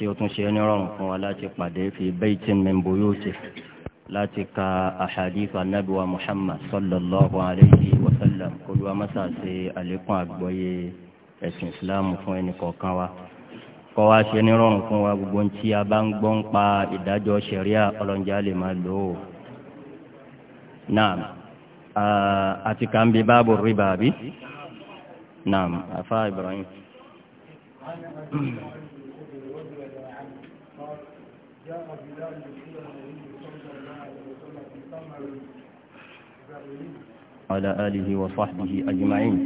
tí ó tún ṣe ní rọrùn fún wa láti pàdé fi baytin min buyutih láti ka ahadith ànábì wa muhammad sallallahu alayhi wa sallam kó ló wá mọ́sá sí àlékún àgbọ́yé ẹ̀sìn islam fún ẹnì kọ̀ọ̀kan wa kọ́ wa ṣe ní rọrùn fún wa gbogbo tí a bá ń gbọ́ ń pa ìdájọ́ ṣẹ̀ríà ọlọ́njà lè máa lò ó naam àti kà ń báàbò rìbá àbí naam afa ibrahim. جاء بلال يقول النبي صلى الله عليه وسلم في ثمر على آله وصحبه أجمعين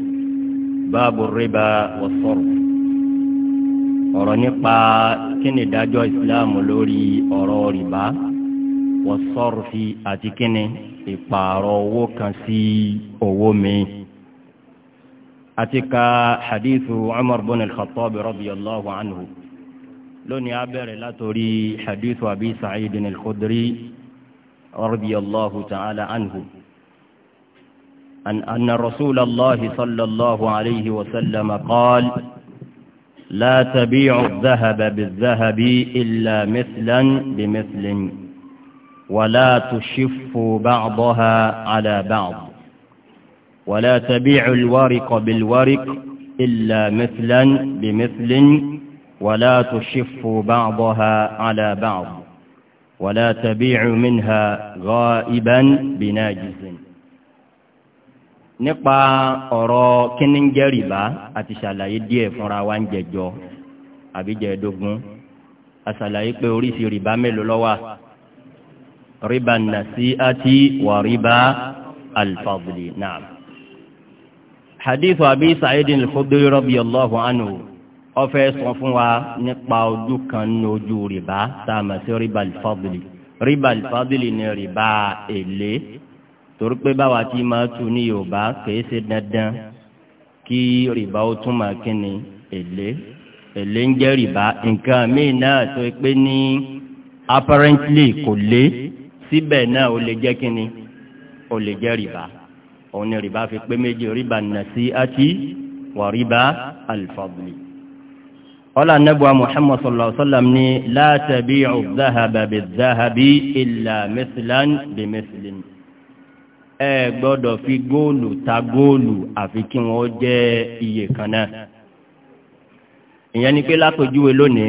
باب الربا والصرف ọ̀rọ̀ nípa kí ni ìdájọ́ ìsìláàmù lórí ọ̀rọ̀ rìbá wọ́sọ̀rọ̀fì àti kí ni ìpààrọ̀ owó kan sí owó mi. àti ka hadithu umar bin al-khattab radiyallahu anhu. لوني عبر لا تري حديث أبي سعيد الخدري رضي الله تعالى عنه أن, أن رسول الله صلى الله عليه وسلم قال لا تبيع الذهب بالذهب إلا مثلا بمثل ولا تشف بعضها على بعض ولا تبيع الورق بالورق إلا مثلا بمثل ولا تشفوا بعضها على بعض ولا تبيعوا منها غائبا بناجز nípa ọ̀rọ̀ kíní ń jẹ́ rìbá àti ṣàlàyé díẹ̀ fúnra wa ń jẹjọ àbí jẹ̀ẹ́dógún a ṣàlàyé pé oríṣi rìbá mélòó ló wà rìbá nasi'ati wà rìbá al-fadli náà. hadith abi sa'idin al-khudri radiyallahu anhu ọfẹ sọ fún wa nípa ojú kan ní ojú rìbá tá a mọ̀ sí rìbá alifadili rìbá alifadili ni rìbá èlé torí pé báwa ti máa tu ní yorùbá kìí ṣe dandan kí rìbá ó tún máa kíni èlé èlé ń jẹ́ rìbá nǹkan míì náà tó pé ní apparently kò lé síbẹ̀ náà ó lè jẹ́ kíni ó lè jẹ́ rìbá òun ni rìbá fi pé méjì rìbá nàṣí àti wà rìbá alifadili ọlá nẹ́bùwa muhammad sallallahu alaihi wasallam ni la tabi'u dhahaba bidhahabi illa mithlan bimithlin ẹ gbọ́dọ̀ fi góòlù ta góòlù àfi kí wọ́n jẹ́ iye kan náà ìyẹn ni pé lápèjúwe lónìí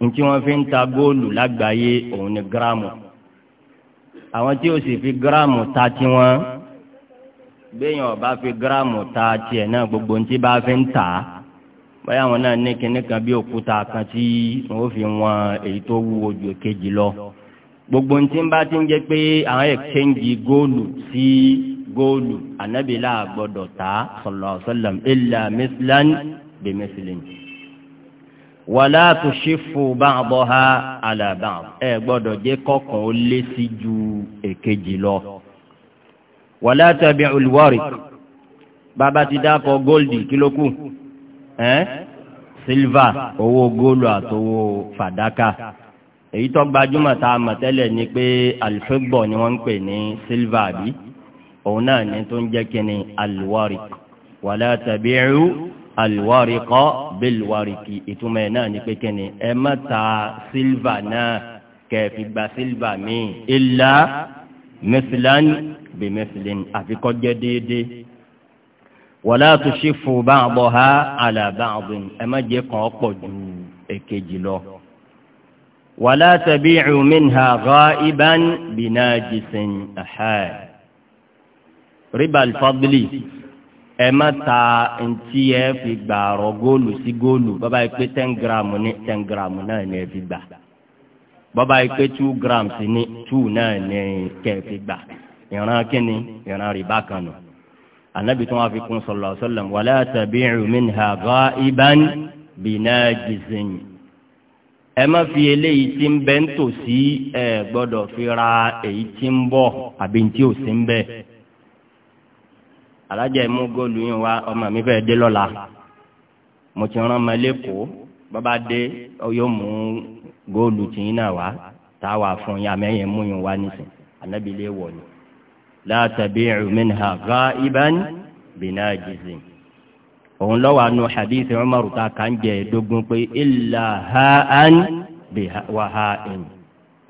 ní tí wọ́n fi ń ta góòlù lágbàáyé òun ni gíráàmù àwọn tí ó sì fi gíráàmù ta tiwọn gbẹ̀yìn ọba fi gíráàmù ta tiẹ̀ náà gbogbo ní tí bá fi ń ta báyà wọn náà ní kinní kan bí òkúta kan tí wọn fi wọn èyí tó wúwo ju èkejì lọ gbogbo ntí bá ti ń jẹ pé àwọn exchange góòlù sí góòlù ànábìlà gbọ́dọ̀ tá sallallahu alaihi wasallam illa mislan bi mislin wàlá tòṣìfò ba'daha ala ba'd ẹ gbọ́dọ̀ jẹ́ kọ̀ọ̀kan ó lé sí ju èkejì lọ wàlá tabi'ul warik bàbá ti dákọ góòlù kí ló kù ẹ́n silva owó góòlù àtowó fàdákà èyí tó gbajúmọ̀ tá a mọ̀ tẹ́lẹ̀ ni pé alifébọ̀ ni wọ́n ń pè ní silva bí òun náà ní tó ń jẹ́ kíni alwari wàlá tabi'u alwari kọ́ bilwari kì ìtumọ̀ ẹ̀ náà ni pé kíni ẹ má ta silva náà kẹfì gba silva míì illa mẹsìlán bí mẹsìlín àfikọ́ jẹ́ déédéé wọlá tuṣifu ba'daha ala ba'd ẹ má jẹ́ kàn ọ́ pọ̀ ju èkejì lọ. wọlá tabi'u minha gha'iban binajisin ẹ̀hẹ́ ribal fadli ẹ má ta ntí ẹ fi gbàrọ góòlù sí góòlù bàbá yìí pé ten gram ní ten gram náà ní ẹ fi gbà bàbá yìí pé two grams ní two náà ní kẹ́ ẹ fi gbà ìran kínní ìran rìbá kan nù anabi tó wọn fi kún sallallahu alaihi wasallam wala tabi'u minha gha'iban binajizin ẹ má fi eléyìí tí ń bẹ ń tòsí ẹ gbọ́dọ̀ fi ra èyí tí ń bọ̀ àbí tí ò sí ń bẹ alájà ìmú góòlù yín wa ọmọ mi fẹ́ dé lọ́la mo ti rán ọmọ lẹ́kọ̀ọ́ bàbá dé yóò mú góòlù tìyín náà wá tá fún yín mú yín wá nísìn ànábìlẹ̀ wọ̀ ni la tabi'u minha ghaiban binajizin òun lọ́wọ́ àánú hadithi Umar ta kàn jẹ́ dógún pé illa ha'an wa ha'in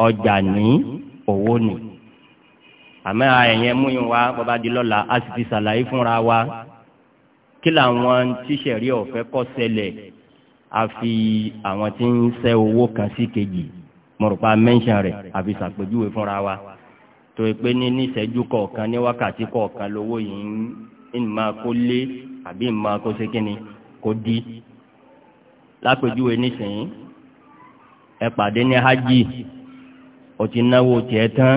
ọjà ní owó ni àmọ́ àyẹ̀yẹ́ múyìn wa bàbá di lọ́la a sì ti ṣàlàyé fúnra wa kí làwọn tíṣẹ̀rí ọ̀fẹ́ kọ́ ṣẹlẹ̀ àfi àwọn tí ń ṣẹ́ owó kan sí kejì mo rò rẹ̀ àfi ṣàpèjúwe fúnra wa. tó pé ní níṣẹ́jú kọ̀ọ̀kan ní wákàtí kọ̀ọ̀kan lówó yìí ń máa kó lé àbí ń máa kó ṣe kíni kó di lápèjúwe nísìnyí ẹ pàdé ní hajj o ti náwó tiẹ̀ tán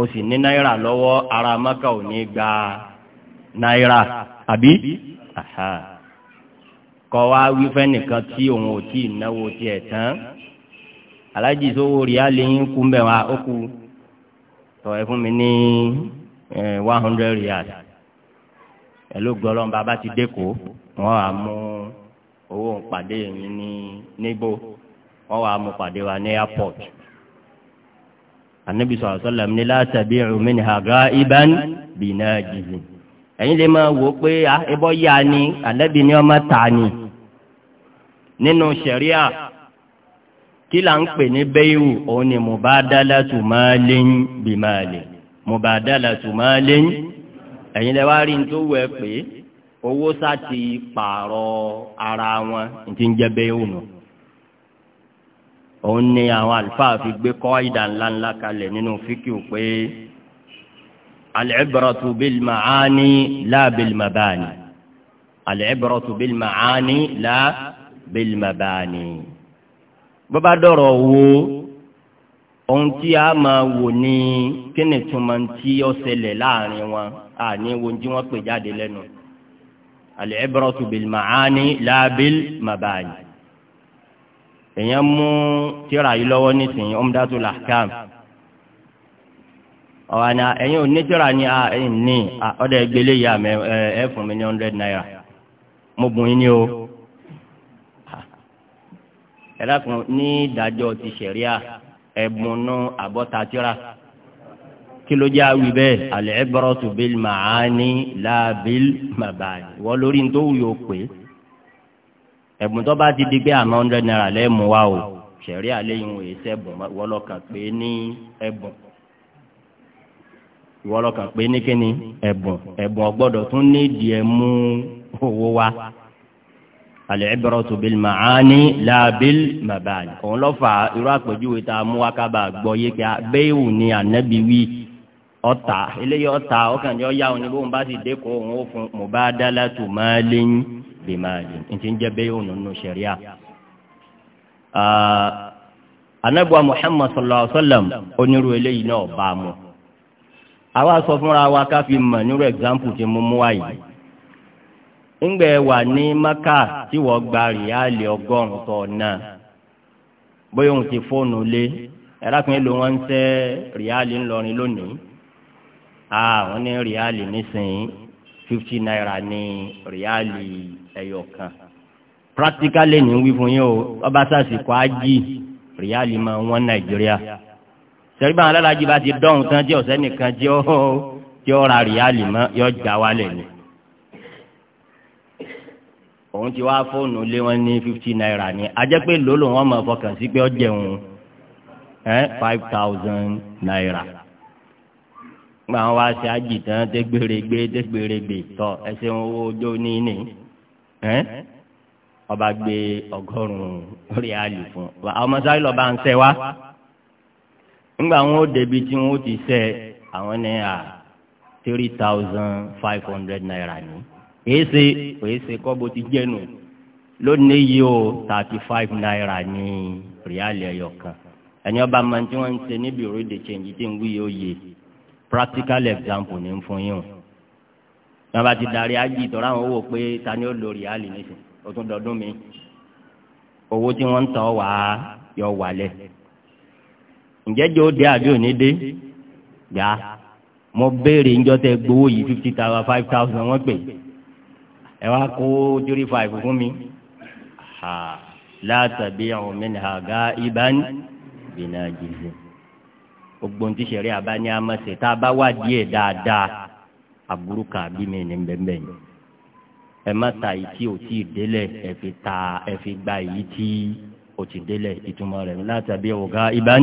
o sì ní náírà lọ́wọ́ ara maka ò ní gba náírà àbí kọ́ wa wífẹ́ nìkan tí òun ò tí ì náwó tiẹ̀ tán alájí sówó rí a kú mbẹ́ wa ó kú. tọ́ ẹ fún mi ní one hundred riyal ẹ̀ló gbọ́lọ́ bàbá ti dẹ́kọ̀ wọ́n á mú owó pàdé yìí ní níbo wọ́n wá mú pàdé wa ní airport anabi sọ̀rọ̀ sọ́lá mi ní látàbí ìrùmínì àgá ibán bìnnà jìnnì ẹ̀yin lè máa wò ó pé ah, ẹbọ yá ni anabi ni ọmọ tà ni nínú sẹ̀ríà kí là ń pè ní bẹ́ẹ̀wù òun ni mubadalatu malin bi malin mubadalatu malin ẹ̀yin lẹ́wà rí ní tó wù ẹ́ pé owó sá ti pààrọ̀ ara wọn ti ń jẹ́ bẹ́ẹ̀wù nù òun ni àwọn àlùfáà fi gbé kọ́ ìdá ńláńlá kalẹ̀ nínú fíkìú pé al-ibratu bil ma'ani la bil mabani al-ibratu bil ma'ani la bil mabani bọ́bá dọ̀rọ̀ wo ohun tí a máa wò ní kíni túmọ̀ tí ó ṣẹlẹ̀ láàrin wọn àní wo tí wọ́n pè jáde lẹ́nu al-ibratu bil ma'ani la bil mabani èèyàn mú tíra yìí lọ́wọ́ nísìnyí Umdatul Ahkam ọ̀wà ni ẹ̀yin ò ní tíra ni a ẹ̀yin ní ọ̀dọ̀ ẹgbẹ́lẹ́yà ẹ̀ fún mi ní hundred naira mo bùn yín ní o ẹlẹ́kùn ní ìdájọ́ ti ṣẹ̀ríà ẹ̀bùnú àbọ̀tàtìrà kí ló jẹ́ àwì bẹ́ẹ̀ al-ibratu bil ma'ani la bil mabani wọ́n lórí ní tó wù yóò pé ẹ̀bùn tó bá ti di pé àmọ́ hundred naira lẹ́ẹ̀mú wa o ṣẹ̀ríà lẹ́yìn òye sẹ́bùn wọ́n pé ní ẹ̀bùn wọ́n pé ní kíni ẹ̀bùn ẹ̀bùn ọgbọ́dọ̀ tún ní ìdí ẹ̀mú owó wa al-ibratu bil ma'ani la bil mabani òun lọ fà irú àpèjúwe tá a mú wá kábà gbọ́ yé kí a béèwù ni ànábì wí ọ̀tà eléyìí ọ̀tà ọkàn jọ yá òní bóun bá sì dẹ́kọ̀ òun ó fún mubadalatu malin bi malin ntí ń jẹ́ béèwù nínú ṣẹ̀ríà anabuwa muhammad sallallahu alaihi wa sallam onírú eléyìí náà bá a mú àwa sọ fúnra wa ká fi mọ̀ nírú example tí mo mú wáyìí ńgbẹ wà ní maka tí wọ́n gba rìálì ọgọ́rùn tọ̀ náà bóyá òun ti fóònù lé ẹ̀rákùnrin ló wọ́n ń tẹ́ rìálì ńlọrin lónìí àwọn ní rìálì nísìnyí fifty naira ní rìálì ẹ̀yọ̀kan practically ní wí fún yín o ọba sàṣìkò ájì rìálì máa wọ́n nàìjíríà sẹ́rí báwọn alájí bá ti dọ́hùn tán jẹ́ ọ̀sẹ́ nìkan jẹ́ ọ́ ra rìálì mọ́ yọ jà wálẹ̀ ni òun ti wá fóònù lé wọn ní fifty naira ni ajẹ́ pé lòlò wọn máa fọkàn sí pé ó jẹun five thousand naira gba àwọn wá sí àjì tán tẹgbèrègbè tẹgbèrègbè tọ ẹsẹ owó ojó níní ẹ ọba gbé ọgọ́rùn orí àlè fún ọmọ sáré lọba ń sẹ wá ńgbà wọn ó débi tí wọn ó ti sẹ àwọn ní three thousand five hundred naira ni èéṣe èéṣe kọ́ bó ti jẹ́nu lónìí yìí o thirty five naira ní ríálì ẹyọ kan ẹni ọba máa ń tí wọ́n ń ṣe níbi ìròyìn change tí ń wí yóò yẹ practical example ní fún yín o wọ́n bá ti darí ájì tọ́ra àwọn owó pé ta ni ó lo ríálì nísìn ó tún dọdún mi owó tí wọ́n ń tọ́ wá yọ wálẹ̀ ǹjẹ́ jẹ́ ó dé àbí òní dé gbà mo béèrè ńjọ́ tẹ gbowó yìí fifty thousand five thousand wọ́n pè é ẹ wá kó jírí fàìfù fún mi látàbí àwọn mẹ́nìhà gá ibán bìnnà jìzì gbogbo ní tíṣẹ̀rí àbá ní amẹ́sẹ̀ tá a bá wá díẹ̀ dáadáa aburú kan àbí mi ní bẹ́ẹ̀ ni ẹ má ta èyí tí o ti délẹ̀ ẹ fi ta ẹ fi gba èyí tí o ti délẹ̀ ìtumọ̀ rẹ̀ látàbí àwọn gá ibán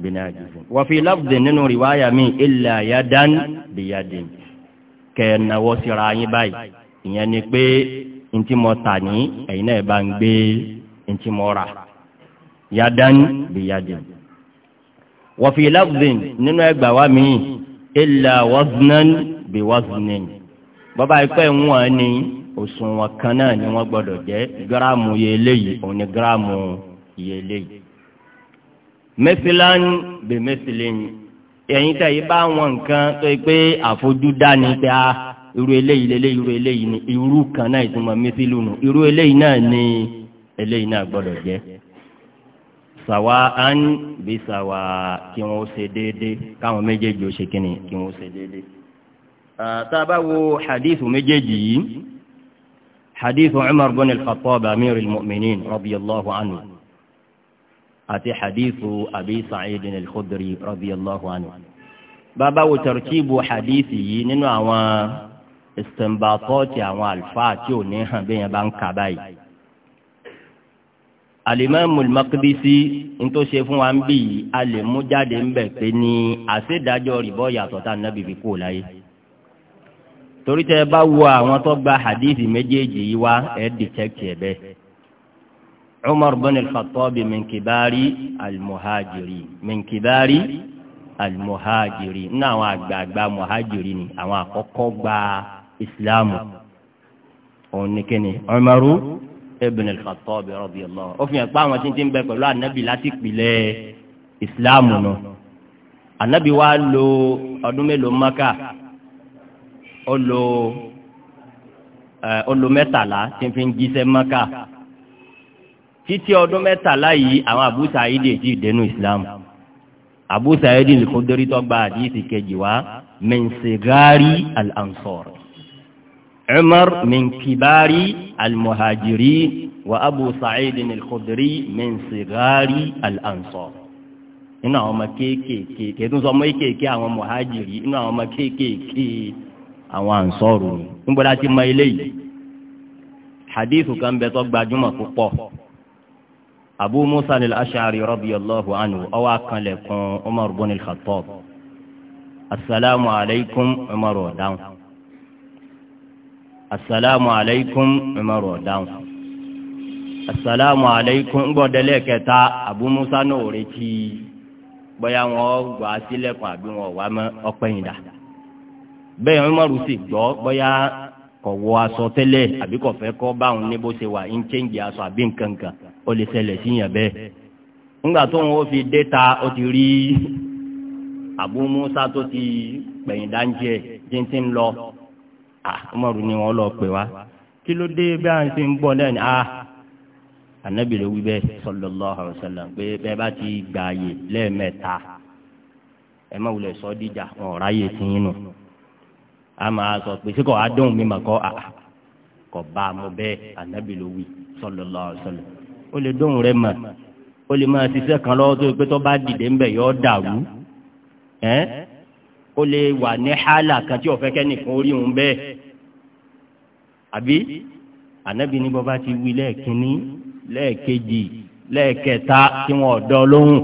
bìnnà jìzì. wàfi láfùdè nínú rìwáyà mi ilẹ̀ àyàdán bìyàdìn kẹ̀ ẹ̀ náwó síra yín báyìí ìyẹn ni pé ntí mo tà ní ẹ̀yin náà bá ń gbé ntí mo rà yadan bi yadin. wa fi lafdhin nínú ẹgbà wa mi illa waznan bi waznin bọ́bá ìpẹ́ wọn ni òṣùwọ̀n kan náà ni wọ́n gbọ́dọ̀ jẹ́ gíráàmù iye eléyìí òun ni gíráàmù iye eléyìí. mẹ́sìlán bi mẹ́sìlẹ́yìn ẹ̀yin tẹ̀ yí bá wọn nǹkan tó yẹ pé àfojúdá ni tẹ́ a. Ah, irú eléyìí lélẹ́yìí irú eléyìí ni irú kan náà ìtumọ̀ mẹ́sílù nù irú eléyìí náà ni eléyìí náà gbọ́dọ̀ jẹ́ sàwa án bí sàwa kí wọ́n ṣe déédéé káwọn méjèèjì ó ṣe kíni kí wọ́n ṣe déédéé. tá a bá wo hadithu méjèèjì yìí hadithu Umar bin al-Khattab amir al-mu'minin radiyallahu anhu àti hadithu abi Sa'id al-Khudri radiyallahu anhu. bàbá wo tartibu hadithi yìí nínú àwọn ìsìnbàtọ́ọ̀tì àwọn àlùfáà tí ò ní hàn bí yẹn bá ń kà báyìí. alimami makidisi ntó ṣe fún wa ń bì yìí a lè mú jáde ń bẹ̀ pé ní àṣedájọ́ rìbọ́ yàtọ̀ tá a nàbì fi kú láyé. torí tẹ bá wo àwọn tó gba hadithi méjèèjì yìí wá ẹ̀ dìtẹ́kì ẹ̀ bẹ́ẹ̀. Umar bin al-Khattab min al-muhajiri min al-muhajiri ní àwọn àgbààgbà muhajiri ni àwọn àkọ́kọ́ gbàá ìsìláàmù òun ni kíni Umaru ibn al-Khattab radiyallahu anhu ó fi hàn pé àwọn tí ń ti ń bẹ pẹ̀lú ànábì láti pìlẹ̀ ìsìláàmù náà ànábì wa lo ọdún mélòó Mákà ó lo ó lo mẹ́tàlá tí ń fi ń jíṣẹ́ Mákà títí ọdún mẹ́tàlá yìí àwọn Abu Sa'id ti dẹnu ìsìláàmù Abu Sa'id al-Khudri gba àdìsí kejì wá min sigari عمر من كبار المهاجرين وأبو سعيد الخدري من صغار الأنصار inú àwọn ọmọ kéékèèké kẹtùn sọ ọmọ kéékèèké àwọn mọ̀hájìrì inú àwọn ọmọ kéékèèké àwọn ànsọ́ọ̀rù ni níbo la ti mọ eléyìí hadithu kan bẹ tó gbajúmọ̀ púpọ̀ abu musa al-ashari radiyallahu anhu ọwọ́ akanlẹ̀kùn umar bin al-khattab asalaamu alaykum umar ọ̀dáhùn. asalaamu aleykum umaru ọ̀dáhùn asalaamu aleykum gbọ́dọ̀lẹ́ kẹta abu musa náà ò retí bóyá wọn gbà á àbí wọn wà mọ ọpẹ́yìn dà umaru sì gbọ́ bóyá kọ̀ wọ aṣọ tẹ́lẹ̀ àbí báwọn ṣe wà ń aṣọ fi dé ta ó ti rí abu musa tó ti Ah, Umaru ni wọ́n lọ pè wá kí ló dé bí à ń ṣe ń bọ̀ náà ni ah, ànábì ló wí bẹ́ẹ̀ sallallahu alaihi wasallam pé bẹ́ẹ̀ bá ti gbààyè lẹ́ẹ̀mẹ́ta ẹ má wulẹ̀ sọ díjà wọn ò ráyè sí yín nù a máa sọ pé síkọ̀ adóhùn mi mà kọ́ àà ah, kọ̀ bá a mọ bẹ́ẹ̀ ànábì ló wí sallallahu alaihi wasallam lè dóhùn rẹ mà ó lè máa ṣiṣẹ́ kan lọ́wọ́ tó pé tó bá dìde ńbẹ̀ yọ ọ́ dàrú ẹ́ ó lè wà ní hálà kan tí ọ̀fẹ́ kẹ́nìkan orí òun bẹ́ẹ̀ àbí ànábì ní bọ́ba ti wí lẹ́ẹ̀kínní lẹ́ẹ̀kejì lẹ́ẹ̀kẹta tí wọn ọ̀dọ́ lóhùn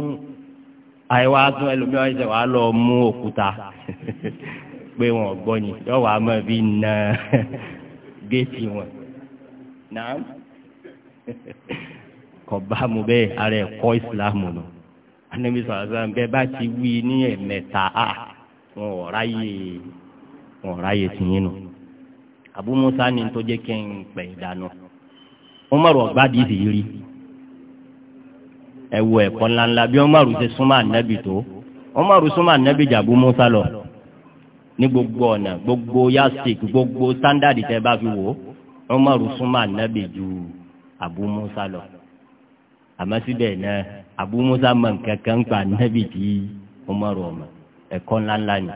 àìwá tún ẹlòmíràn ẹsẹ̀ wàá lọ mú òkúta pé wọn gbọ́ ni yọ wàá mọ̀ bí na géètì wọn náà kò bá mu bẹ́ẹ̀ ara ẹ̀kọ́ ìsìlámù nù ànábì sọ̀rọ̀ sọ̀rọ̀ bẹ́ẹ̀ bá ti wí ní ẹ̀mẹ́ta áà. Ah, wọn ò ráyè wọn ò ráyè tìyín nù Abu Musa ni tó jẹ́ kí n pẹ̀ ìdáná Umaru ọ̀gbádìí sì rí ẹ wo ẹ̀kọ́ ńláńlá bí Umaru ṣe súnmọ́ ànábì tó Umaru súnmọ́ ànábì jà Abu Musa lọ ní gbogbo ọ̀nà gbogbo yasik gbogbo sándàdì tẹ́ bá fi wò ó Umaru súnmọ́ ànábì ju Abu Musa lọ àmọ́ síbẹ̀ náà Abu Musa mọ̀ nǹkan kan pa ànábì tí Umaru ọ̀mọ̀ ẹ̀kọ́ ńláńlá ni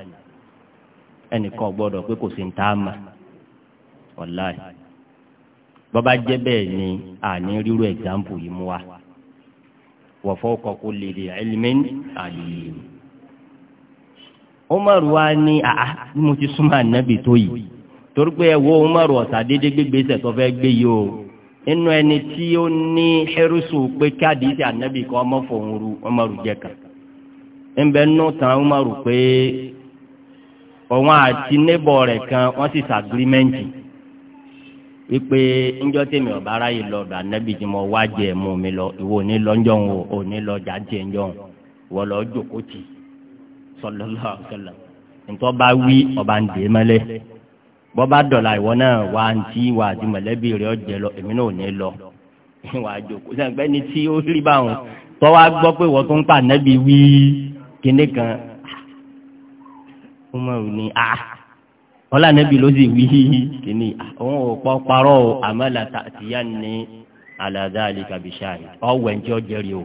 ẹnìkan gbọ́dọ̀ pé kò sí ń tá a mà wàláì bọ́bá jẹ́ bẹ́ẹ̀ ni àní rírú ẹ̀gbáǹpù yìí mú wa wa fawqa kulli dhi ilmin alim. Umaru wa ní àá bí mo ti súnmọ́ ànábì tó yìí torí pé ẹ wo Umaru ọ̀sà dédé gbégbèsè tó fẹ́ gbé yìí o inú ẹni tí ó ní hẹ́rùsù pé káàdì ìsì ànábì kan ọmọ fòun ru Umaru jẹ́ kan ńbẹ nù tán Umaru pé òun àti nébọ̀ rẹ̀ kan wọ́n sì sàgírímẹ́ǹtì wípé ńjọ́ tèmi ọ̀bá aráyè lọ́dọ̀ anábì tí mo wá jẹ mú mi lọ ìwọ ní lọ́njọ́ ń wò ní lọ́jà jẹ ń wọ lọ́ jòkó tì sallallahu alaihi wasallam ntọ́ bá wí ọba ń dè é mẹ́lẹ́ bọ́ bá dọ̀la ìwọ náà wà á ti wà á ti mọ̀lẹ́bí rẹ̀ ọ̀jẹ̀ lọ èmi náà ò ní lọ ìwà àjòkó sẹ́ńpẹ́ tí ó rí báwọn tọ́wá gbọ́ pé wọ́n tó ń pa anábì wí kíní kan Umaru ni a ah, ọlá nẹ́bí ló sì wí kíní òun ò pọ́ parọ́ o àmọ́ làtà tìyá ni àlàdá àlìkàbíṣà ọ̀wẹ̀ ń jọ́ jẹ́rìí o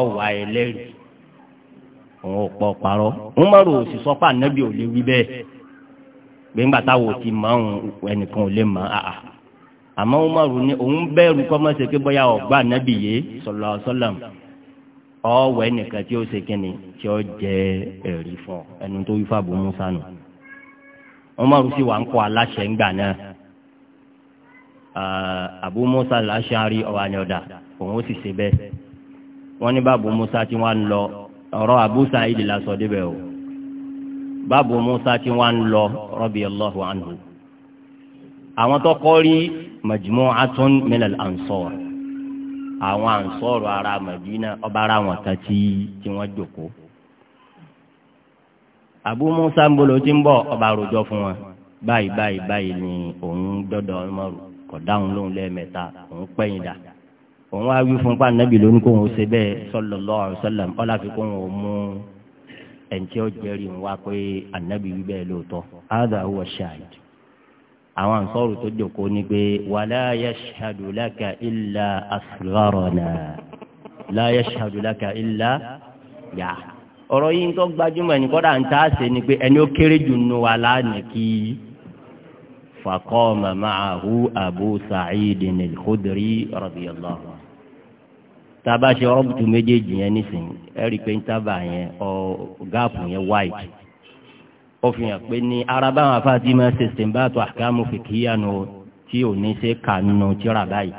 ọ̀wà ẹlẹ́rìí òun ò pọ̀ parọ́ Umaru ò sì sọ pé ànábì ò lè wí bẹ́ẹ̀ gbẹ̀ngbà táwọn ò ti mọ̀ ọ́n ẹnìkan ò lè mọ̀ áà ah, ah. àmọ́ Umaru ni òun bẹ̀rù kọ́ mọ́sẹ̀ pé bóyá ọ̀gbà ànábì yé sallallahu alaihi wasallam ọ̀wẹ́ nìkan tí ó ṣe kíni tí ó jẹ ẹ̀rí fún ọ ẹnu tó wí fáàbù musa nù Umaru sì wà ń kọ́ aláṣẹ ńgbà náà Abu Musa al-Ash'ari ọ̀wà ni ọ̀dà òun ó sì ṣe bẹ́ẹ̀ wọ́n ní bàbá musa tí wọ́n lọ ọ̀rọ̀ Abu Sa'id la sọ o bàbá musa tí wọ́n ń lọ radiyallahu anhu àwọn tó kọ́ rí majmu'atun min al-ansar àwọn ànsọ́ọ̀rù ara Madina ọba ara wọn kan tí tí wọ́n jòkó. Abu Musa ń bolo tí ń bọ̀ ọba àròjọ fún wọn báyìí báyìí báyìí ni òun dọ́dọ̀ Umaru kò dáhùn lóhùn lẹ́ẹ̀mẹ́ta òun pẹ́yìn dà òun wá wí fún pàǹdàbí lónìí kóhùn ṣe bẹ́ẹ̀ sallallahu alaihi wasallam ọlá fi kóhùn òun mú ẹnjẹ ọjẹrì wá pé ànábì wí bẹ́ẹ̀ lóòótọ́ àwọn ànsọ́rù tó jòkó ni pé wàlá yashhadu laka illa asgharana la yashhadu laka illa yà ọ̀rọ̀ yìí ń tọ́ gbajúmọ̀ ní kọ́dà ń tà ṣe ni pé ẹni ó kéré jù nù wà lánàá kí i. فقام معه أبو سعيد الخدري رضي الله عنه tába ṣe rọ́bùtù méjèèjì yẹn nísìnyí ẹ̀rí pé ń tábà yẹn ọ gáàpù yẹn wáìtì ó fi hàn pé ní ara báwọn afáàtì máa ṣe ṣèǹbàtò àkàmù fìkìyànù tí ò ní ṣe kànú tíra báyìí.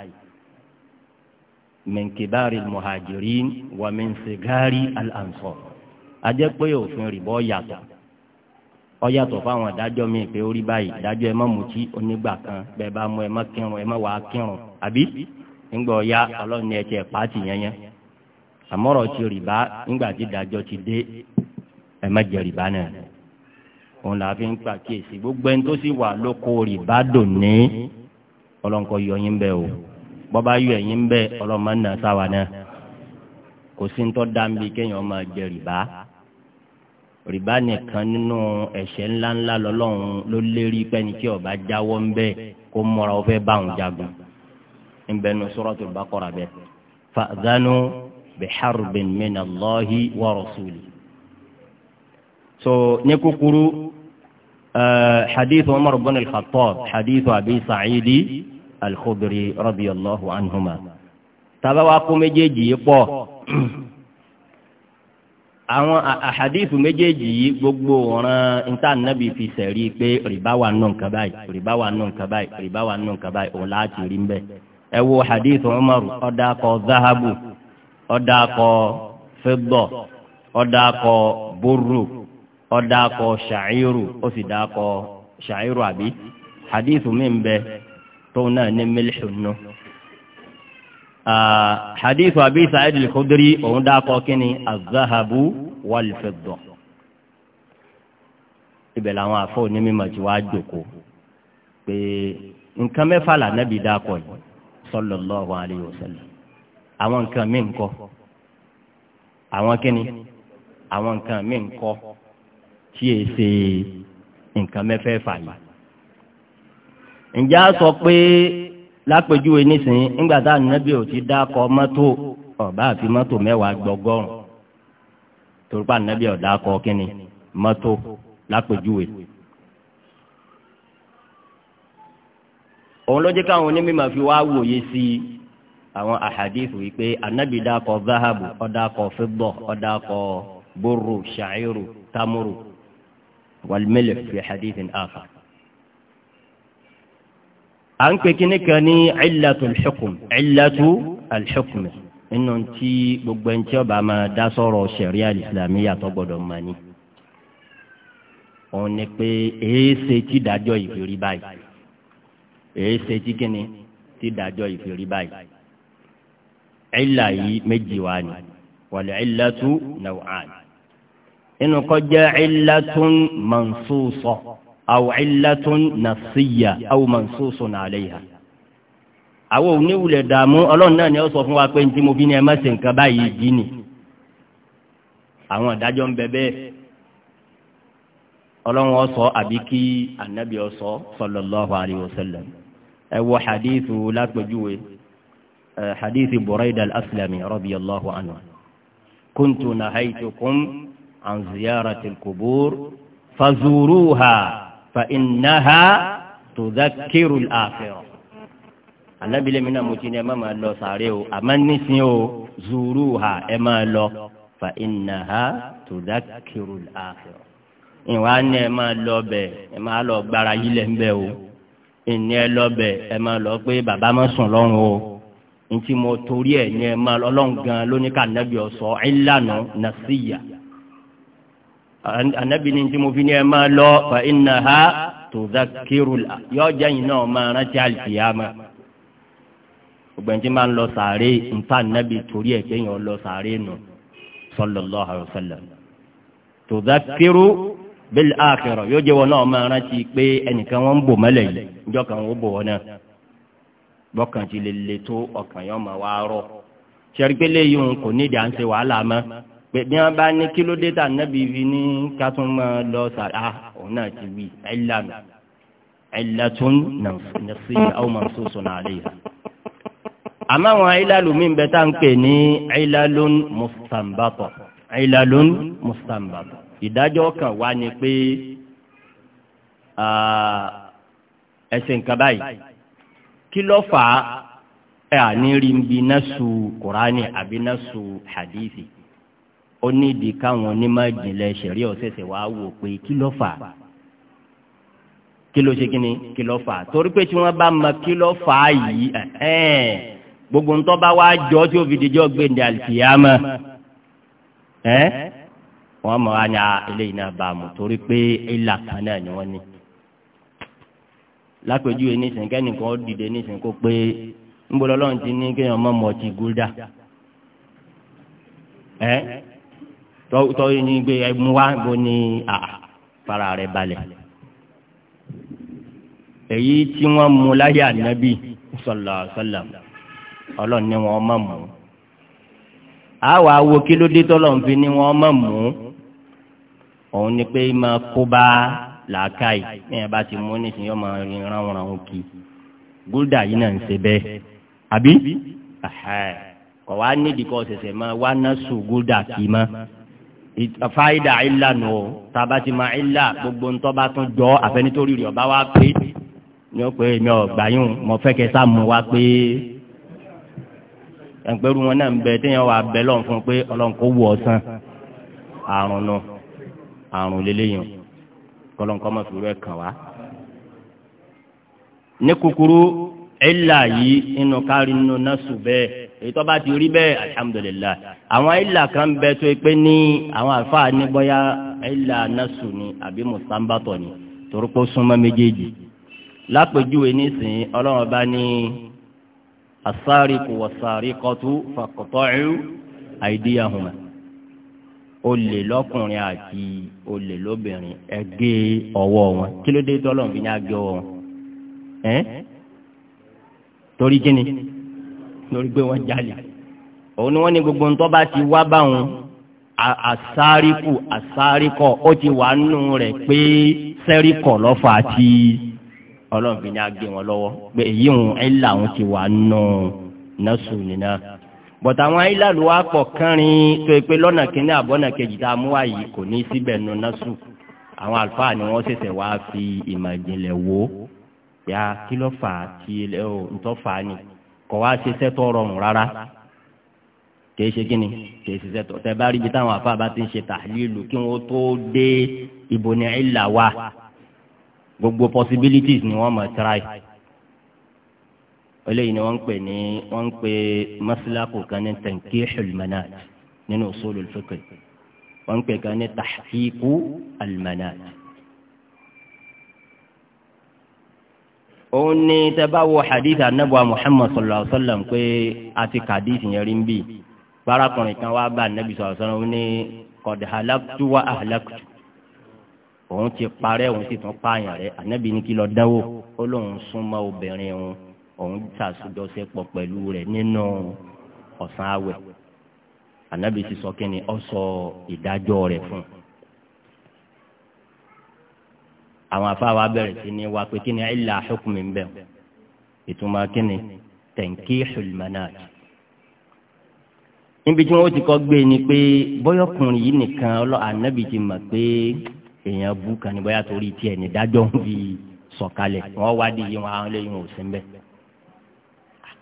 min kibari muhajirin wa min sigari al-ansar a jẹ́ pé òfin rìbọ yàtọ̀ ó yàtọ̀ fáwọn ìdájọ́ mi pé ó rí báyìí ìdájọ́ ẹ má mutí onígbà kan bẹ́ẹ̀ bá mú ẹ má kírun ẹ má wàá kírun àbí ńgbọ ya ọlọ́run ní ẹtì ẹ̀pá ti yẹn yẹn àmọ́rọ̀ ti rìbá ńgbà tí ìdájọ́ ti dé ẹ má jẹ rìbá náà òun là á fi ń pàkíyèsí gbogbo ẹni tó sì wà lóko rìbá dùn ní ọlọ́nkọ yọ yín bẹ́ẹ̀ o bọ́bá yọ ẹ̀yìn bẹ́ẹ̀ ọlọ́mọ náà sáwà náà kò sí ń tọ́ dáńbi kéèyàn máa jẹ rìbá rìbá nìkan nínú ẹ̀ṣẹ̀ ńláńlá lọ́lọ́run ló lérí pẹ́ni tí ọba jáwọ́ ń bẹ́ẹ̀ kó mọ́ra ọfẹ́ báwọn jagun ńbẹ́nu Suratul Baqara bẹ́ẹ̀ fa'dhanu biharbin min Allahi wa rasuli. so ní kúkúrú حديث عمر بن الخطاب حديث أبي سعيد الخدري رضي الله عنهما تبوا méjèèjì yìí pọ̀ àwọn àhàdíìfù méjèèjì yìí gbogbo ọ̀ràn níta nàbì fi sẹ̀rí pé rìbá wà nù nǹkan báyìí rìbá wà nù nǹkan báyìí rìbá wà nù nǹkan báyìí òun láti rí ń bẹ̀. ẹ wo àhàdíìfù Umaru ọ̀dà zahabu ọ̀dà kọ fẹ́bọ̀ ọ̀dà ọ̀dàkọ̀ ṣàìrù ó sì dàkọ̀ ṣàìrù àbí hadith mi ń bẹ tóun náà ní mílíọ̀nù nù. hadith àbí sa'id al-khudri òun dàkọ̀ kíni azahabu wal-fidda. ibẹ̀ làwọn afọ onímọ̀ tí wàá jòkó pé nǹkan mẹ́fà lànàbì dàkọ̀ yìí sallallahu alayhi wa sallam àwọn nǹkan mi ń àwọn kíni àwọn nǹkan mi ń tí è ṣe nǹkan mẹ́fẹ̀ẹ̀fà yìí. ǹjẹ́ a sọ pé lápèjúwe nísìnyí ńgbà tá ànábì ò ti dákọ mọ́tò ọ̀bá àfi mọ́tò mẹ́wàá gbọ́gọ́rùn torípa ànábì ò dákọ kínni mọ́tò lápèjúwe. òun ló jẹ́ káwọn onímọ̀ fi wá wòye sí i àwọn àhàdíìsì wípé ànábì dákọ záhàbù ọ̀dàkọ fídọ̀ ọ̀dàkọ bóró ṣàìrù támúrù والملح في حديث آخر أنك كنكني علة الحكم علة الحكم inú tí gbogbo ẹni tí ọba máa dá sọ̀rọ̀ sẹ̀ríà ìsìlámì yàtọ̀ gbọ́dọ̀ mọ̀ ni. òun ni pé èéṣe tí dájọ́ ìfìrí báyìí èéṣe tí kíni tí dájọ́ ìfìrí báyìí. ẹ̀là yìí méjì wá ni wal illatu naw'an inú kọjá illatun mansusa aw illatun nafsiyya aw mansusun alayha àwọn oníwulẹ̀ dààmú ọlọ́run náà ni ó sọ fún wa pé ní tí mo fi ní ẹ má ṣe nǹkan báyìí dì ní àwọn ìdájọ́ ń bẹ bẹ́ẹ̀ ọlọ́run ó sọ àbí kí ànábì ó sọ sallallahu alayhi ẹ wọ hadithu lápẹjúwe eh, hadithi Buraida al-Aslami radiyallahu anhu kuntu nahaytukum. عن زيارة القبور فزوروها فإنها تذكر الآخرة النبي لمن متين أمام الله صاريو أمن نسيو زوروها أما الله فإنها تذكر الآخرة ìwà ni ẹ máa lọ bẹ ẹ máa lọ gbára yìí lẹ ń bẹ o ìní ẹ lọ bẹ ẹ máa lọ pé bàbá má sùn lọ́rùn o ntí mo torí ẹ ní ẹ máa lọ Ọlọ́run gan lóníkà nàbí ọsọ ìlànà nàṣìyà anabi ni tí mo fi ní ẹ máa lọ fa iná ha tó zakiru la yọ jẹ́ yìí náà máa rántí àlùkìyàmà ògbẹ́ntì máa ń lọ sàárè nta anabi torí ẹ̀ kéèyàn lọ sàárè nù sallallahu alaihi wasallam tó zakiru bẹ́ẹ̀ àkẹrọ yóò jẹ́ wọn náà máa rántí pé ẹnìkan wọn ń bò mọ́lẹ̀ yìí níjọ́ kan wọ́n bò wọn náà bọ́kàn ti lè le tó ọkàn yọ máa wá rọ sẹ́rígbélé yìí kò nídìí à bí wọ́n bá ní kílódé tà nẹ́bí fi ní kátùmọ̀ lọ sàrà ah, òun náà ti wí ẹ̀lànà ẹ̀làtún nàṣí àwọn mọ̀sọ́sọ́ náà lè yà. àmọ́ àwọn ẹ̀làlù mi bẹ tá à pè ní ẹ̀làlún mùsàmbàtọ̀ ẹ̀làlún mùsàmbàtọ̀ ìdájọ́ kan wá ni pé ah, ẹ̀sìn kan báyìí kí ló fà á ẹ̀ àní rí bí náà kùránì àbí náà hadithi ó ní ìdí káwọn onímọ̀ ìjìnlẹ̀ ṣẹ̀rí ọ̀sẹ̀sẹ̀ wàá wò pé kí ló fà á kí ló ṣe kíni kí ló fà á torí pé tí wọ́n bá mọ kí ló fà á yìí gbogbo ńtọ́ bá wá jọ tí ó fi dijọ́ gbèndé àlùfíàmọ́ wọ́n mọ̀ á ní ah, eléyìí náà bá a mọ̀ torí pé ìlà kan náà ni wọ́n ní lápèjúwe nísìnyí kẹ́nìkan ó dìde nísìnyí kó pé ńbọ̀lọ́lọ́run ti ní kéèyàn mọ̀ mọ̀ ti gúldà tọ́ ní gbé ẹmu wá bó ní à fara rẹ̀ balẹ̀. èyí tí wọ́n mu láyé ànábì sọlọ sọlọ ọlọ́run ni wọ́n mọ̀ mọ́. àwa wo kí ló dé tọ́lọ̀ ń fi ni wọ́n mọ̀ mọ́. òun ni pé máa kó bá làákàyè ní ẹ bá ti mú nísìnyí ọmọ ìran wọn àwọn kì í. gúldà yìí náà ń ṣe bẹ́ẹ̀ àbí kọ̀ wá nídìí kọ́ ṣẹ̀ṣẹ̀ máa wá ná sùn gúldà kì í máa. Uh, fáyidà ìlà nù o tàbá ti ma ìlà gbogbo ntọ́ bá tún jọ àfẹnitórí rẹ̀ ọba wa pé ní o pé mi ò gbà yín mo fẹ́ kẹ́ sáà mú wa pé ẹgbẹ́rú wọn náà ń bẹ téèyàn wà bẹ́ lọ́n fún pé ọlọ́run kò wù ọ́ sàn àrùn nù àrùn lélẹ́yìn kọ́lọ́n kọ́ mọ̀ fìwé kàn wá. ní kúkúrú ìlà yìí inú kárí nínú náà sùn bẹ́ẹ̀ èyí tó bá ti rí bẹ́ẹ̀ alhamdulilayi àwọn ìlà kan bẹ tó pé ní àwọn àfáà ní bóyá ìlà nasu ni àbí musambatọ ni torókó súnmọ́ méjèèjì lápèjúwe nísìnyí ọlọ́run bá ní asáríkù wasárikọ́tù faqta'u aydiyahuma olè lọ́kùnrin àti olè lóbìnrin ẹ gé wọn kí ló dé tọ́lọ́run fi ní agé ọwọ́ wọn ẹ́ torí kíni torí pé wọ́n jalè òun ni wọ́n ní gbogbo ntọ́ bá ti wá báwọn asáríkù asárikọ ó ti wà nù rẹ̀ pé sẹ́ríkọ lọ́fà àti ọlọ́ọ̀bì ni a gbé wọn lọ́wọ́ pé èyí ń ẹ̀là àwọn ti wà nù nọ́ọ̀sù nìna bọ̀tà àwọn ẹ̀là ló wá pọ̀ kánrin tó pé lọ́nà kínní àbọ̀nà kejì tá a mú wáyé kò ní síbẹ̀ nù nọ́ọ̀sù àwọn àlùfáà ni wọ́n ṣẹ̀ṣẹ̀ wá fi ìmọ̀ ìjìnlẹ̀ wò ó yá kí ló fà á tí ilé o ntọ́ fà á nìyí kọ̀ wá ṣe sẹ́tọ̀ rọrùn rárá kì í ṣe kí ni kì í ṣe sẹ́tọ̀ tẹ bá rí ibi táwọn afá bá ti ń ṣe tàlílù kí wọ́n tó dé ìbò ní ìlà wa gbogbo possibilities ni wọ́n mọ̀ try eléyìí ni wọ́n ń pè ní wọ́n ń pè masilaku kan ní tankihul manat nínú usulul fiqh wọ́n ń pè kan ní tahqiqu al òun ni tẹ́bá wo hadith anabu muhammad sallallahu alaihi wa sallam pé àti kadith yẹn rí ń bì kan wá bá anabi sallallahu alaihi wa sallam ní kọ̀dà halaktu wa ahlaktu òun ti parẹ́ òun sì tún pààyàn rẹ̀ anabi ní kí lọ dáwó ó lóun súnmọ́ obìnrin òun òun ṣàṣùjọṣepọ̀ pẹ̀lú rẹ̀ nínú ọ̀sán àwẹ̀ anabi sì sọ kí ni ọ sọ ìdájọ́ rẹ̀ fún un. àwọn afáwa bẹ̀rẹ̀ sí ni wá pé kí ni ilà hukmi ń bẹ̀ ìtumọ̀ kí ni tankihul manat níbi tí wọ́n ti kọ́ gbé ni pé bọ́yọ̀kùnrin yìí nìkan ọlọ́ ànábì ti mọ̀ pé èèyàn bú kan ní bóyá torí tiẹ̀ ní dájọ́ ń fi sọ̀kalẹ̀ wọ́n wá di yìí wọn àwọn eléyìí wọn ò sí ń bẹ̀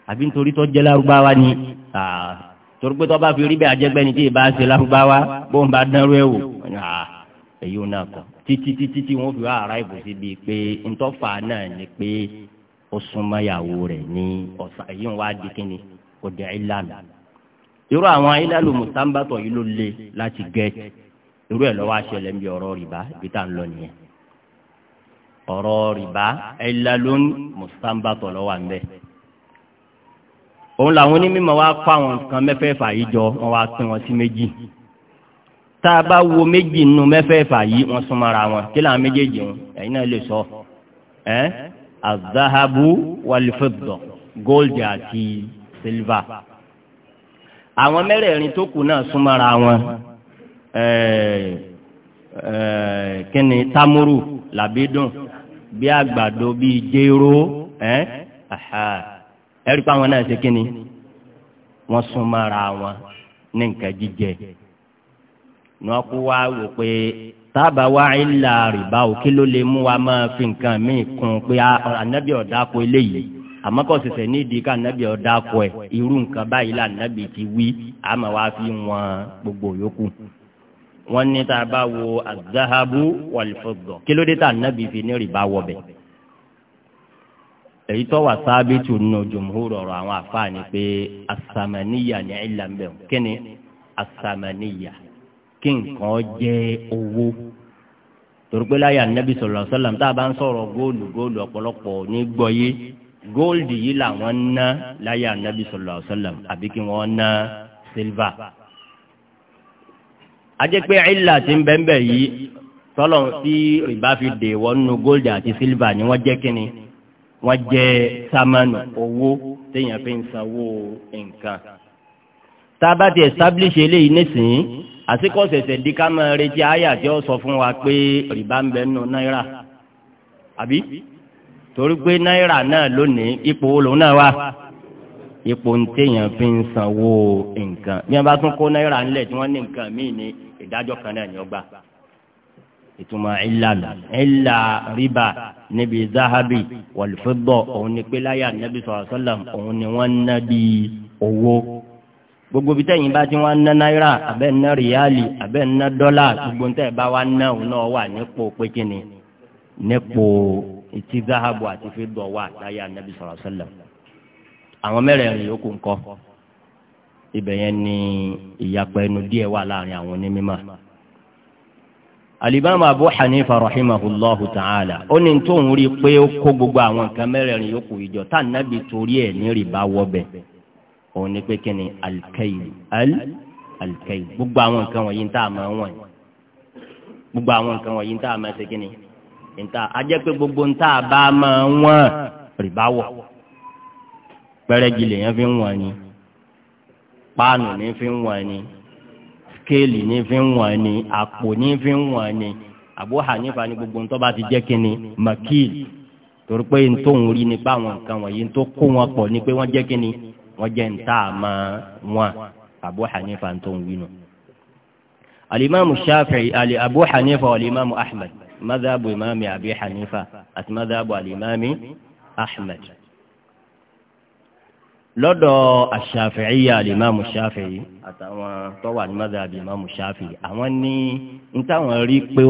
àbí nítorí tó jẹ́ lárúbáwá ni torí pé tó bá fi rí bẹ́ẹ̀ ajẹ́gbẹ́ni tí ì èyí ò náà kọ títí títí tí wọn fi wá ara ìbò síbi pé ntọ́fà náà ni pé ó súnmọ́ ìyàwó rẹ̀ ní ọ̀sán èyí ń wá di kínní kò dé ìlànà irú àwọn ìlànà mùsàmbàtọ̀ yìí ló le láti gẹ́ẹ̀tì irú ẹ̀ lọ́wọ́ aṣẹlẹ̀ ń bí ọ̀rọ̀ rìbá ibi tá à ń lọ nìyẹn ọ̀rọ̀ rìbá ìlànà mùsàmbàtọ̀ lọ́wọ́ à bẹ́ẹ̀ òun làwọn onímọ̀ wa kó àwọn nǹkan mẹ́fẹ̀ẹ̀fà yìí jọ wọn wá pín wọn sí méjì tá a bá wo méjì nínú mẹ́fẹ̀ẹ̀fà yìí wọ́n sún mọ́ra wọn kí làwọn méjèèjì wọn ẹ̀yin náà lè sọ ẹ́ azahabu walifidda gold àti silver àwọn mẹ́rẹ̀ẹ̀rin tó kù náà sún mọ́ra wọn ẹ̀ẹ́ tamuru làbídùn bí àgbàdo bí jéró ẹ́ ẹ̀rí pa àwọn náà ṣe kí ni wọ́n sún mọ́ra wọn ní nǹkan jíjẹ ni wọ́n kó wá wò pé tábà wá ilà rìbá o kí ló lè mú wa máa fi nǹkan míì kún pé ànábì ọ̀dà kọ eléyìí àmọ́ kò ṣẹ̀ṣẹ̀ nídìí ká ànábì ọ̀dà kọ ẹ̀ irú nǹkan báyìí là ànábì ti wí àmọ́ wá fi wọn gbogbo yòókù wọ́n ní tá a bá wo azahabu wàlífọ̀dọ̀ kí ló dé tá ànábì fi ní rìbá wọbẹ̀ èyí tó wà sábìtù nù jùmùhúrò ọ̀rọ̀ àwọn àfáà ni pé asamaniya ní ìlànà kí ni asamaniya kí nǹkan jẹ́ owó torípé láyé anabi sọ̀rọ̀ sọ́làm tá a bá ń sọ̀rọ̀ góòlù góòlù ọ̀pọ̀lọpọ̀ ní gbọ́yé góòlù yìí làwọn ná láyé anabi sọ̀rọ̀ sọ́làm àbí kí wọ́n ná sílvà. ajẹ́ pé ìlà ti ń bẹ́ńbẹ́ yìí tọ́lọ̀ tí rìbá fi dè wọ́n nu góòlù àti sílvà ni wọ́n jẹ́ kínni wọ́n jẹ́ sámánù owó téèyàn fi ń sanwó nǹkan. tá a bá ti establish eléyìí nísìnyí àsìkò ṣẹ̀ṣẹ̀ di ká máa retí àyà tí ó sọ fún wa pé rìbá ń bẹ nù náírà àbí torí pé náírà náà lónìí ipò wo lòun náà wà ipò ń téèyàn fi ń sanwó nǹkan bí wọn bá tún kó náírà ńlẹ̀ tí wọn ní nǹkan míì ní ìdájọ́ kan náà ní ọgbà ìtumọ̀ ìlànà ìlà rìbá níbi záhábì wal fidda òun ni pé láyà nàbì sallallahu alaihi òun ni wọ́n ń ná bí owó. gbogbo bí tẹ́yìn bá ti wá ná náírà abẹ́ ná ríálì abẹ́ ná dọ́là gbogbo ń tẹ́ bá wá ná òun náà wà nípò pé ni nípò etí záhàbù àti fídọ̀ wà láyé anabi sọ̀rọ̀ sẹ́lẹ̀ àwọn mẹ́rẹ̀ẹ̀rin yòókù ń kọ́ ibẹ̀ yẹn ni díẹ̀ wà láàrin àwọn onímọ̀ abu ta'ala ó ní tóun rí i pé gbogbo àwọn nǹkan mẹ́rẹ̀ẹ̀rin yòókù ìjọ òun ni pé kí ni alikayi al alikayi gbogbo àwọn nǹkan wọ̀nyí ń tà máa ń wọ̀nyí gbogbo àwọn nǹkan wọ̀nyí ń tà máa ṣe kí ni ń tà pé gbogbo ń tà bá máa wọ̀n rìbá wọ̀ fi ń wọ̀n ni páànù ní fi ń wọ̀n ni skéèlì ní fi ń wọ̀n ni àpò ní fi ń wọ̀n ni Abu Hanifa ni gbogbo ntọ́ bá ti jẹ́ kí ni makil torí pé ntòun rí ni pé àwọn nǹkan wọ̀nyí ntò kó wọn pọ̀ ni pé wọ́n jẹ́ kí ni ọjẹ́ ń tà má wọn Abu Hanifa tó ń wí nù. alimami Shafi'i ali Abu Hanifa wa alimami Ahmad madhabu imami Abi Hanifa àti madhabu alimami Ahmad. lọ́dọ̀ Shafi'i ya alimami Shafi'i àtàwọn tó wà ní madhabu imami Shafi'i àwọn ní ntàwọn rí pé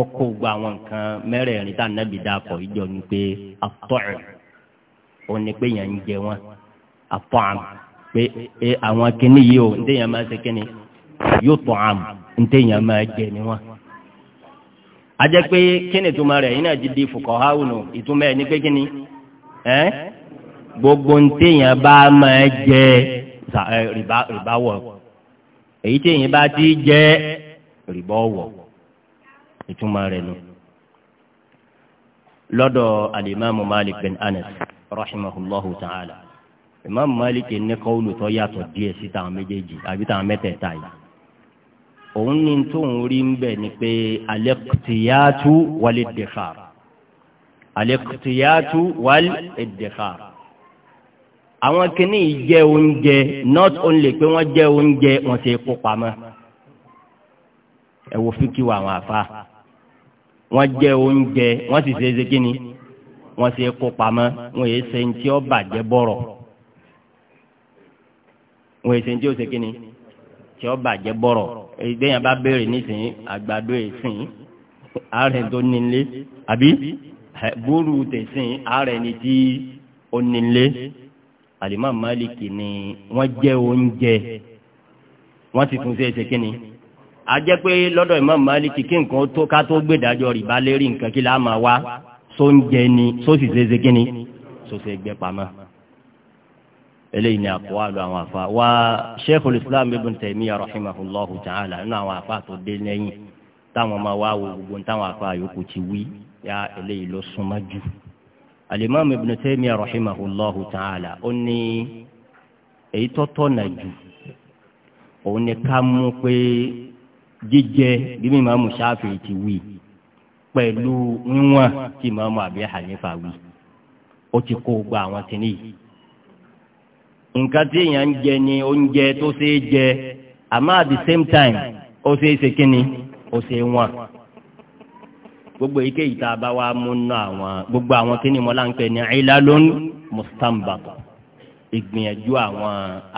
ọkọ̀ gba àwọn nǹkan mẹ́rẹ̀ẹ̀rin tá a nàbì dà ìjọ ni pé atọ́ọ̀ òun ni pé yẹn ń jẹ wọn àpọ̀àm pé ẹ àwọn kìnnì yìí o ntẹ̀yìn máa ṣe kìnnì yóò tọ̀ àm ntẹ̀yìn máa jẹ ni wọn. a jẹ́ pé kìnnì túmọ̀ rẹ̀ yìí náà ti di fòkànháwù nù ìtumọ̀ ẹ̀ ní pé kìnnì ẹ́ gbogbo ntẹ̀yìn bá máa jẹ rìbá rìbá wọ̀ èyí tẹ̀yìn bá ti jẹ rìbá wọ̀ ìtumọ̀ rẹ̀ nù. lọ́dọ̀ alimami malik bin anas rahimahullahu ta'ala. Imam Malik ní kọ́ọ̀lù tó yàtọ̀ díẹ̀ sí táwọn méjèèjì àbí táwọn mẹ́tẹ̀ẹ̀ta yìí òun ní tóun rí ń bẹ̀ ni pé al-iqtiyatu wal-iddifar al-iqtiyatu wal-iddifar àwọn kìíní jẹ oúnjẹ not only pé wọ́n jẹ oúnjẹ wọ́n ti kó pamọ́ ẹ wo fíkì wà àwọn àfa wọ́n jẹ oúnjẹ wọ́n sì ṣe é ṣe kí ni wọ́n ti kó pamọ́ wọ́n yéé ṣe ń tí ó bàjẹ́ bọ̀rọ̀ wọn èsì tí ó ṣe kíni tí ó bàjẹ́ bọ̀rọ̀ ìgbéyàn bá béèrè nísìnyí àgbàdo èsìn ààrẹ tó nílé àbí búrú tẹ̀sìn ààrẹ ni tí ó nílé àlìmá Málìkì ni wọ́n jẹ́ oúnjẹ wọ́n sì tún ṣe é kíni a jẹ́ pé lọ́dọ̀ Imam Málìkì kí nǹkan tó ká tó gbèdájọ́ rìbá lérí nǹkan kí láà máa wá sóúnjẹ ni sósì ṣe é ṣe kíni sóṣègbè pamọ́ eléyìí ni àkọwàlù àwọn afa wa sheikhul islam ibn taymiya rahimahullahu ta'ala nínú àwọn afa tó dé lẹ́yìn táwọn máa wá wo gbogbo táwọn afa yòókù ti wí ya eléyìí ló súnmọ́ jù alimami ibn taymiya rahimahullahu ta'ala ó ní èyí tó tọ́nà jù òun ni ká mú pé jíjẹ bí mi mú Ṣáfi'í ti wí pẹ̀lú níwọ̀n tí máa mú Abi Hanifa wí ó ti kó gba àwọn kìnnìyàn nǹkan tí èèyàn ń jẹ ni oúnjẹ tó ṣe é jẹ àmọ́ at the same time ó ṣe é ṣe kínni ó ṣe é wọ̀n gbogbo èyíkéyìí tá a bá wá mú ná àwọn gbogbo àwọn kínní mo là ń pè ní ilalun mustambaq ìgbìyànjú àwọn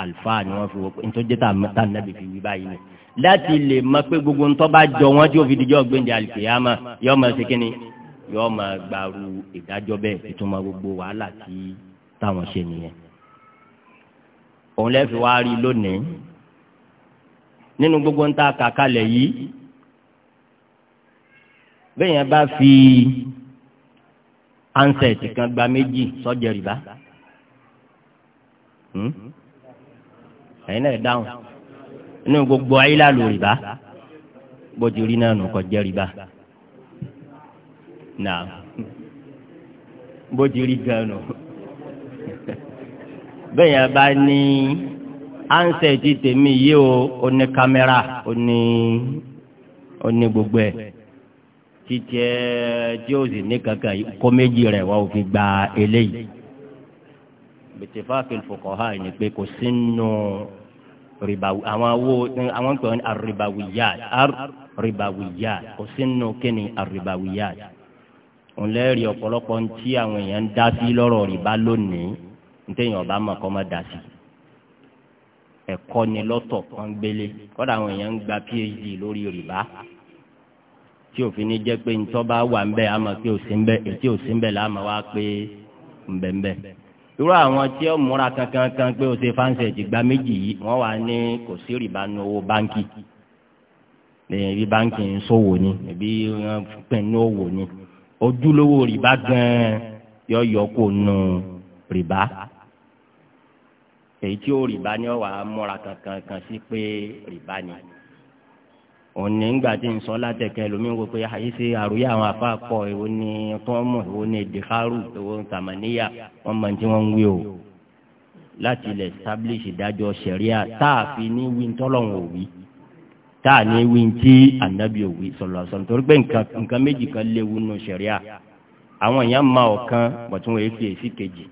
àlùfáà ni wọ́n fi wọ́pọ̀ nítorí tá a nàbì fi wí báyìí ni láti lè mọ pé gbogbo ńtọ́ bá jọ wọ́n tí ó fi dijọ́ gbẹ̀ǹdẹ̀ àlùkìyàmà yọ́ọ́ máa ṣe kínni yọ́ọ́ máa gbàrú ìdájọ́ bẹ́ẹ̀ ìtumọ̀ gbogbo wàhálà tí táwọn ṣe nìyẹn òun lẹ́fi wá rí lónìí nínú gbogbo ń ta kàkálẹ̀ yìí bẹ́ẹ̀ yẹn bá fi ansẹ̀tì kan gba méjì sọ́jẹ́ rìbá hmm? ẹ̀yin náà dáhùn nínú gbogbo ayé lálù rìbá bójú rí náà nù kọjá rìbá náà bójú rí gan nù. bẹ́ẹ̀ yẹn bá ní ánsẹ̀ tí tèmi yìí o ó ní kámẹ́rà ó ní ó ní gbogbo ẹ̀ títí ẹ tí ó sì ní kankan kó méjì rẹ̀ wá òfin gba eléyìí bitifaki fuqaha ni pé kò sínú ribawu àwọn awo àwọn ń pè wọn arribawiya arribawiya kò sínú kíni arribawiya òun lẹ́rìí ọ̀pọ̀lọpọ̀ ntí àwọn èèyàn ń dá sí lọ́rọ̀ rìbá lónìí ntẹ̀yìn ọba mọ̀ kọ́ mọ́ da sí ẹ̀kọ́ ni lọ́tọ̀ kan gbélé kọ́dà àwọn èèyàn ń gba phd lórí rìbá tí òfin ní jẹ́ pé ntọ́ bá wà ń bẹ̀ àmọ́ pé òsín bẹ̀ ètí òsín bẹ̀ láàmọ́ wá pé ńbẹ̀ńbẹ̀ irú àwọn tí ó múra kankan pé o ṣe fáńsẹ̀ ti gba méjì yìí wọ́n wà ní kò sí rìbá nu owó báńkì ẹbí báńkì ń ṣòwò ni ẹbí wọn pè ní òwò ni ojúlówó rìbá gan-an yọ yọ kó nu rìbá èyí tí ó rìbá ni ọ wà á múra kankan kan sí pé rìbá ni òní ńgbà tí ń sọ látẹ̀kẹ́ lómi ń wo pé àyè ṣe àròyé àwọn afáàpọ̀ èwo ni tọ́mù èwo ni dèkárù èwo ni tàmánìyà wọ́n mọ tí wọ́n ń wí o láti lè establish ìdájọ́ sẹ̀ríà tá a fi ní wí ntọ́lọ́hún òwí tá wí ntí ànábì òwí sọ̀lọ̀sọ̀ torí pé nǹkan méjì kan léwu nù sẹ̀ríà àwọn èèyàn máa ọ̀kan bọ̀tún wọ́n èéfì èsì kejì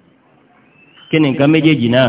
kí ni nǹkan méjèèjì náà.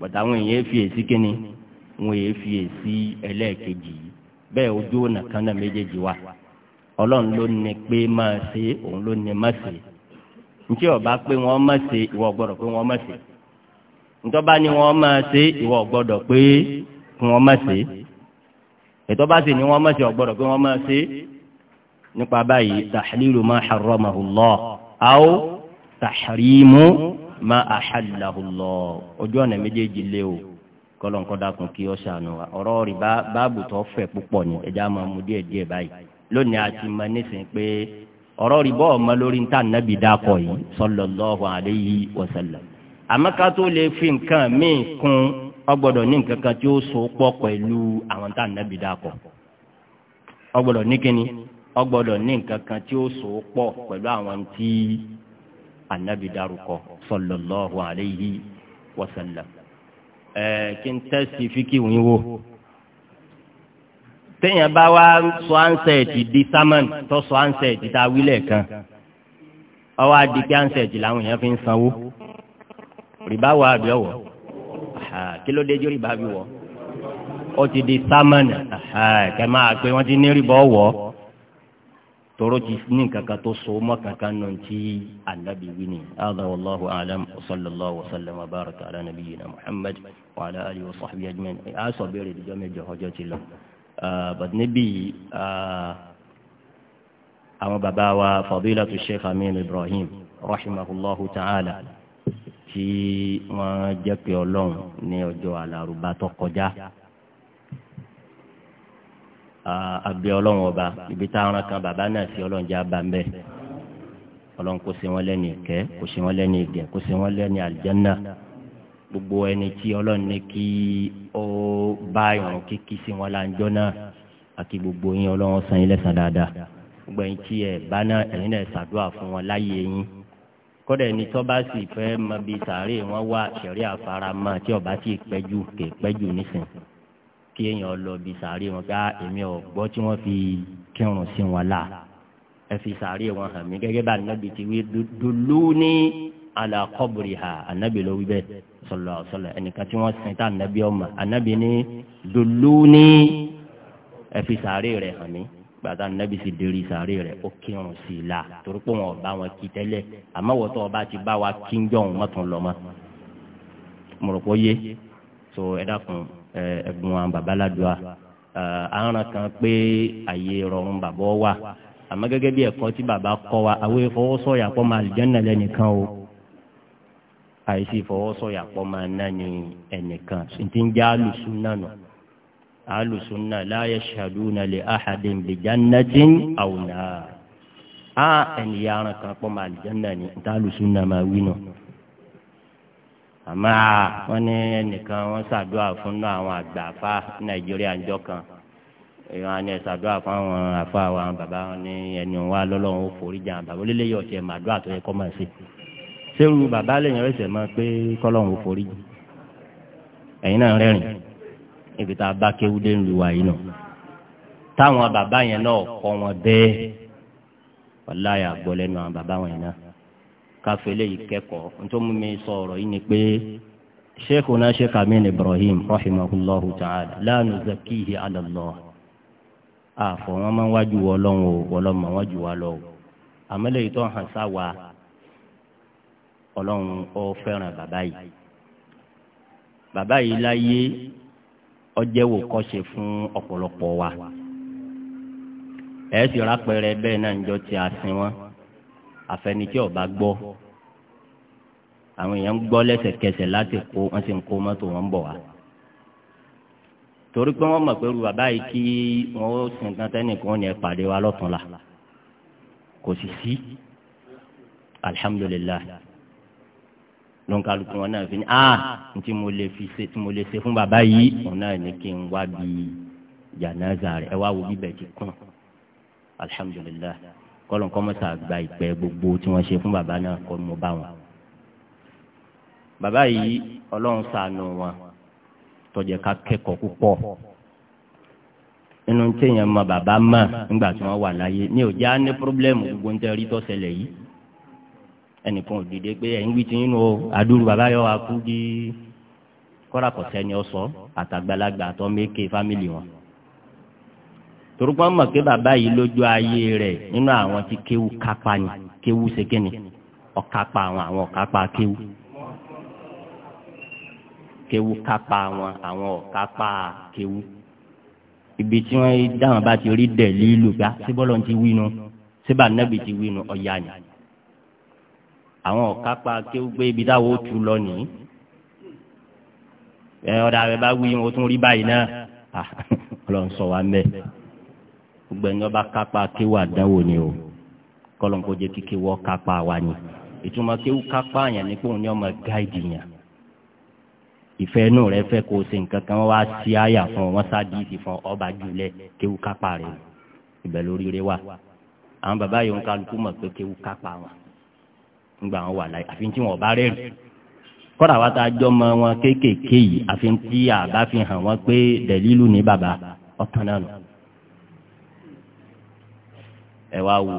bàtà àwọn èèyàn fi èsì kínní wọn èèyàn fi èsì ẹlẹ́ẹ̀kejì yìí bẹ́ẹ̀ ojú ọ̀nà kan náà méjèèjì wa ọlọ́run ló ní pé máa ṣe òun ló ní má ṣe ntí ọba pé wọ́n má ṣe ìwọ gbọ́dọ̀ pé wọ́n má ṣe ntọ́ba ni wọ́n máa ṣe ìwọ gbọ́dọ̀ pé wọ́n má ṣe ìtọ́ba sì ni wọ́n má ṣe ọ̀gbọ́dọ̀ pé wọ́n má ṣe nípa báyìí tahlilu ma harramahu Allah aw tahrimu. ma a Allah ojú ọ̀nà méjèèjì lé o kọ́lọ̀ dákun kí ọ ṣàánú wa ọ̀rọ̀ rí báàbù tó fẹ̀ púpọ̀ ni ẹja máa mú díẹ̀ báyìí lónìí àti ma nísìnyí pé ọ̀rọ̀ rí bọ́ọ̀ ma lórí níta nàbì dákọ̀ yìí alayhi wa tó kún ọ ní nǹkan kan pọ̀ pẹ̀lú anabi dárúkọ sallallahu alayhi wa sallam. ẹ kí n tẹ́sí fíkì wọ́n wò téèyàn bá wá sọ ansẹ́ẹ̀tì di sámán tó sọ ansẹ́ẹ̀tì tá a wílẹ̀ kan ọwọ́ adi pé ansẹ́ẹ̀tì làwọn èèyàn fi sanwó rìbá wà á bí ọwọ́ kí ló dé jó rìbá ti di sámán kẹ́ pé wọ́n ti ní rìbá ọwọ́ tọrọ ti ní kankan tó so mọ́ kankan nù tí anabi wí ni ala wallahu alam wa sallallahu wa sallam wa baraka ala nabiyyina muhammad wa ala alihi wa sahbihi ajma'in a sọ bẹ́ẹ̀ rẹ̀ dijọ́ mẹ́jọ ọjọ́ ti lọ but níbi àwọn bàbá wa fadilatu sheikh amin ibrahim rahimahullahu ta'ala tí wọ́n jẹ́ pé ọlọ́run ní ọjọ́ alárùbá kọjá abẹ ọlọ́run ọba ibi tá a rán kan bàbá náà sí ọlọ́run jẹ́ abambẹ́ ọlọ́run kò sí wọn lẹ́ni ìkẹ́ kò sí wọn lẹ́ni ìgẹ̀ kò sí wọn lẹ́ni àlìjánná gbogbo ẹni tí ọlọ́run ní kí ó bá ìrùn kíkí sí wọn láńjọ́ náà àti gbogbo yín ọlọ́run san yín lẹ́san dáadáa gbogbo ẹni tí ẹ bá náà ẹ̀yin náà ṣàdúrà fún wọn láyé yín kódà ẹni tó bá sì fẹ́ mọ bí sàárè wọn wá ṣẹ̀rí àfaramọ́ tí ọba sì pẹ́jù kè pẹ́jù nísìnyí kí èèyàn lọ bí sàárè wọn gbá ah, èmi ò gbọ́ tí wọ́n fi kírun sí wọn la ẹ fi sàárè wọn hàn mí gẹ́gẹ́ bá anabi ti wí dùlú ní àlà kọ́bùrì ha anabi ló wí bẹ́ẹ̀ sọlọ sọlọ ẹnìkan tí wọ́n sin tá anabi ọmọ anabi ní dùlú ní ẹ fi sàárè rẹ̀ hàn mí gbàtà anabi sì dérí sàárè rẹ̀ ó kírun sí i la torí pé wọn ò bá wọn kí tẹ́lẹ̀ àmọ́ wọ́tọ̀ ọba ti bá wa kí ń jọ̀hún mọ́tún lọ́mọ́ mo rò pé ó so ẹ dákun ẹ̀gbọ́n wa bàbá ládùá àárọ̀ kan pé àyè rọrùn bàbá wà àmọ́ gẹ́gẹ́ bí ẹ̀kọ́ tí bàbá kọ́ wa àwọn ìfọwọ́sọ̀yà pọ̀ máa àlùjànnà lẹ́nìkan o àìsí ìfọwọ́sọ̀yà pọ̀ máa ná ní ẹnìkan tí ń jẹ́ àlùsùn náà nù àlùsùn náà la yashhaduna li ahadin bi jannatin aw nar á ẹnìyàrá kan pọ̀ máa àlùjànnà ní ìtàlùsùn náà máa wí náà àmọ́ wọ́n ní ẹnìkan wọ́n ṣàdúrà fún náà àwọn àgbà afá nàìjíríà ńjọ́ kan ìwọ̀n ni ṣàdúrà fún àwọn afá wa bàbá wọn ní ẹni wa lọ́lọ́run ó forí jà bàbá olólè yọ̀ ṣe màdúrà tó yẹ kọ́ máa ṣe ṣéwù bàbá lẹ́yìn rẹ̀ ṣẹ̀ mọ́ pé kọ́lọ́run ó forí jì ẹ̀yin náà rẹ́rìn ibi tá a bá kéwú dé ńlu wa yìí nà táwọn bàbá yẹn náà kọ́ wọn bẹ́ẹ̀ wọ́n láyà gbọ́ lẹ́nu àwọn bàbá wọn yẹn náà kafele eléyìí kẹ́kọ̀ọ́ nítorí mi sọ ọ̀rọ̀ yìí ni pé sheikh ibrahim rahimahullahu ta'ala la nuzakkihi ala Allah A wọn máa ń ọlọ́run o ọlọ́run ma ń wa lọ o àmọ́ lèyí wa ọlọ́run ọ wa E si ti àfẹnitsẹ́ ọba gbọ́ àwọn èèyàn ń gbọ́ lẹ́sẹ̀kẹsẹ̀ láti kó wọ́n sì ń kó mọ́tò wọn bọ̀ wá torí pé wọ́n mọ̀ pé ru bàbá yìí kí wọ́n ó sìn kan tẹ́nìkan ní ẹ pàdé wa lọ́tún la kò sì sí alihamudulilayi ló ń kálukú wọn náà fi ní a ah, ntí mo lè fi ṣe tí mo lè ṣe fún bàbá yìí òun náà ní kí n wá bí jànáza rẹ ẹ wá wo bíbẹ̀ ti kún alihamudulilayi kọ́lọ̀ kọ́ mọ́sà gba ìpẹ́ gbogbo tí wọ́n ṣe fún bàbá náà kọ́ mo bá wọn. bàbá yìí ọlọ́run ṣàánú wọn tọ́jẹ́ ká kẹ́kọ̀ọ́ púpọ̀ inú téèyàn mọ bàbá mọ̀ nígbà tí wọ́n wà láyé ní òjá ní pírọ́blẹ́mù gbogbo ń tẹ́ rí tó ṣẹlẹ̀ yìí ẹnìkan òdìdé pé ẹ̀yin wí ti nínú àdúrú bàbá yọ wá kú di kọ́ra kọ̀sẹ́ni ọ̀sọ́ àtàgbàlagbà àtọ́ fámìlì wọn torúkọ mọ̀ pé bàbá yìí lójú ayé rẹ̀ nínú àwọn tí kéwu kápá ni kéwu ṣe ọ̀kápá àwọn àwọn ọ̀kápá kéwu kéwu kápá àwọn àwọn ọ̀kápá kéwu ibi tí wọ́n dáhùn bá ti rí dẹ̀ lílù gbá síbọ́lọ́ ah, ti wí nu síbà nẹ́bì ti wí nu ọ̀yà ni àwọn ọ̀kápá kéwu pé ibi táwọn ó tu lọ nìyí ẹ ọ̀dà rẹ̀ bá wí wọn tún rí báyìí náà ah, ọlọ́run sọ wa mẹ́ẹ̀ gbẹ̀ngàn bá kápá kéwà dáwò ni o kọlọ̀ kó jẹ́ kíkẹ́ wọ́ kápá wa ni ìtumọ̀ kéwù kápá yẹn ni kó ní ọmọ gáìdì yẹn ìfẹ́ inú rẹ fẹ́ kó o ṣe nǹkan kan wá sí àyà fún wọn sáàdì ìdì fún ọba jùlẹ̀ kéwù kápá rẹ ibẹ̀ lórí rẹ wà àwọn bàbá yìí ń kálukú mọ̀ pé kéwù kápá wọn nígbà wọn wà láyé àfi tí wọn bá rẹ̀ rí kọ́dà wa ta jọ mọ wọn kéékèèké yìí àfi tí àbá fi hàn wọn pé dẹ̀lílù ní bàbá ọ̀tàn náà nù ẹ wá wo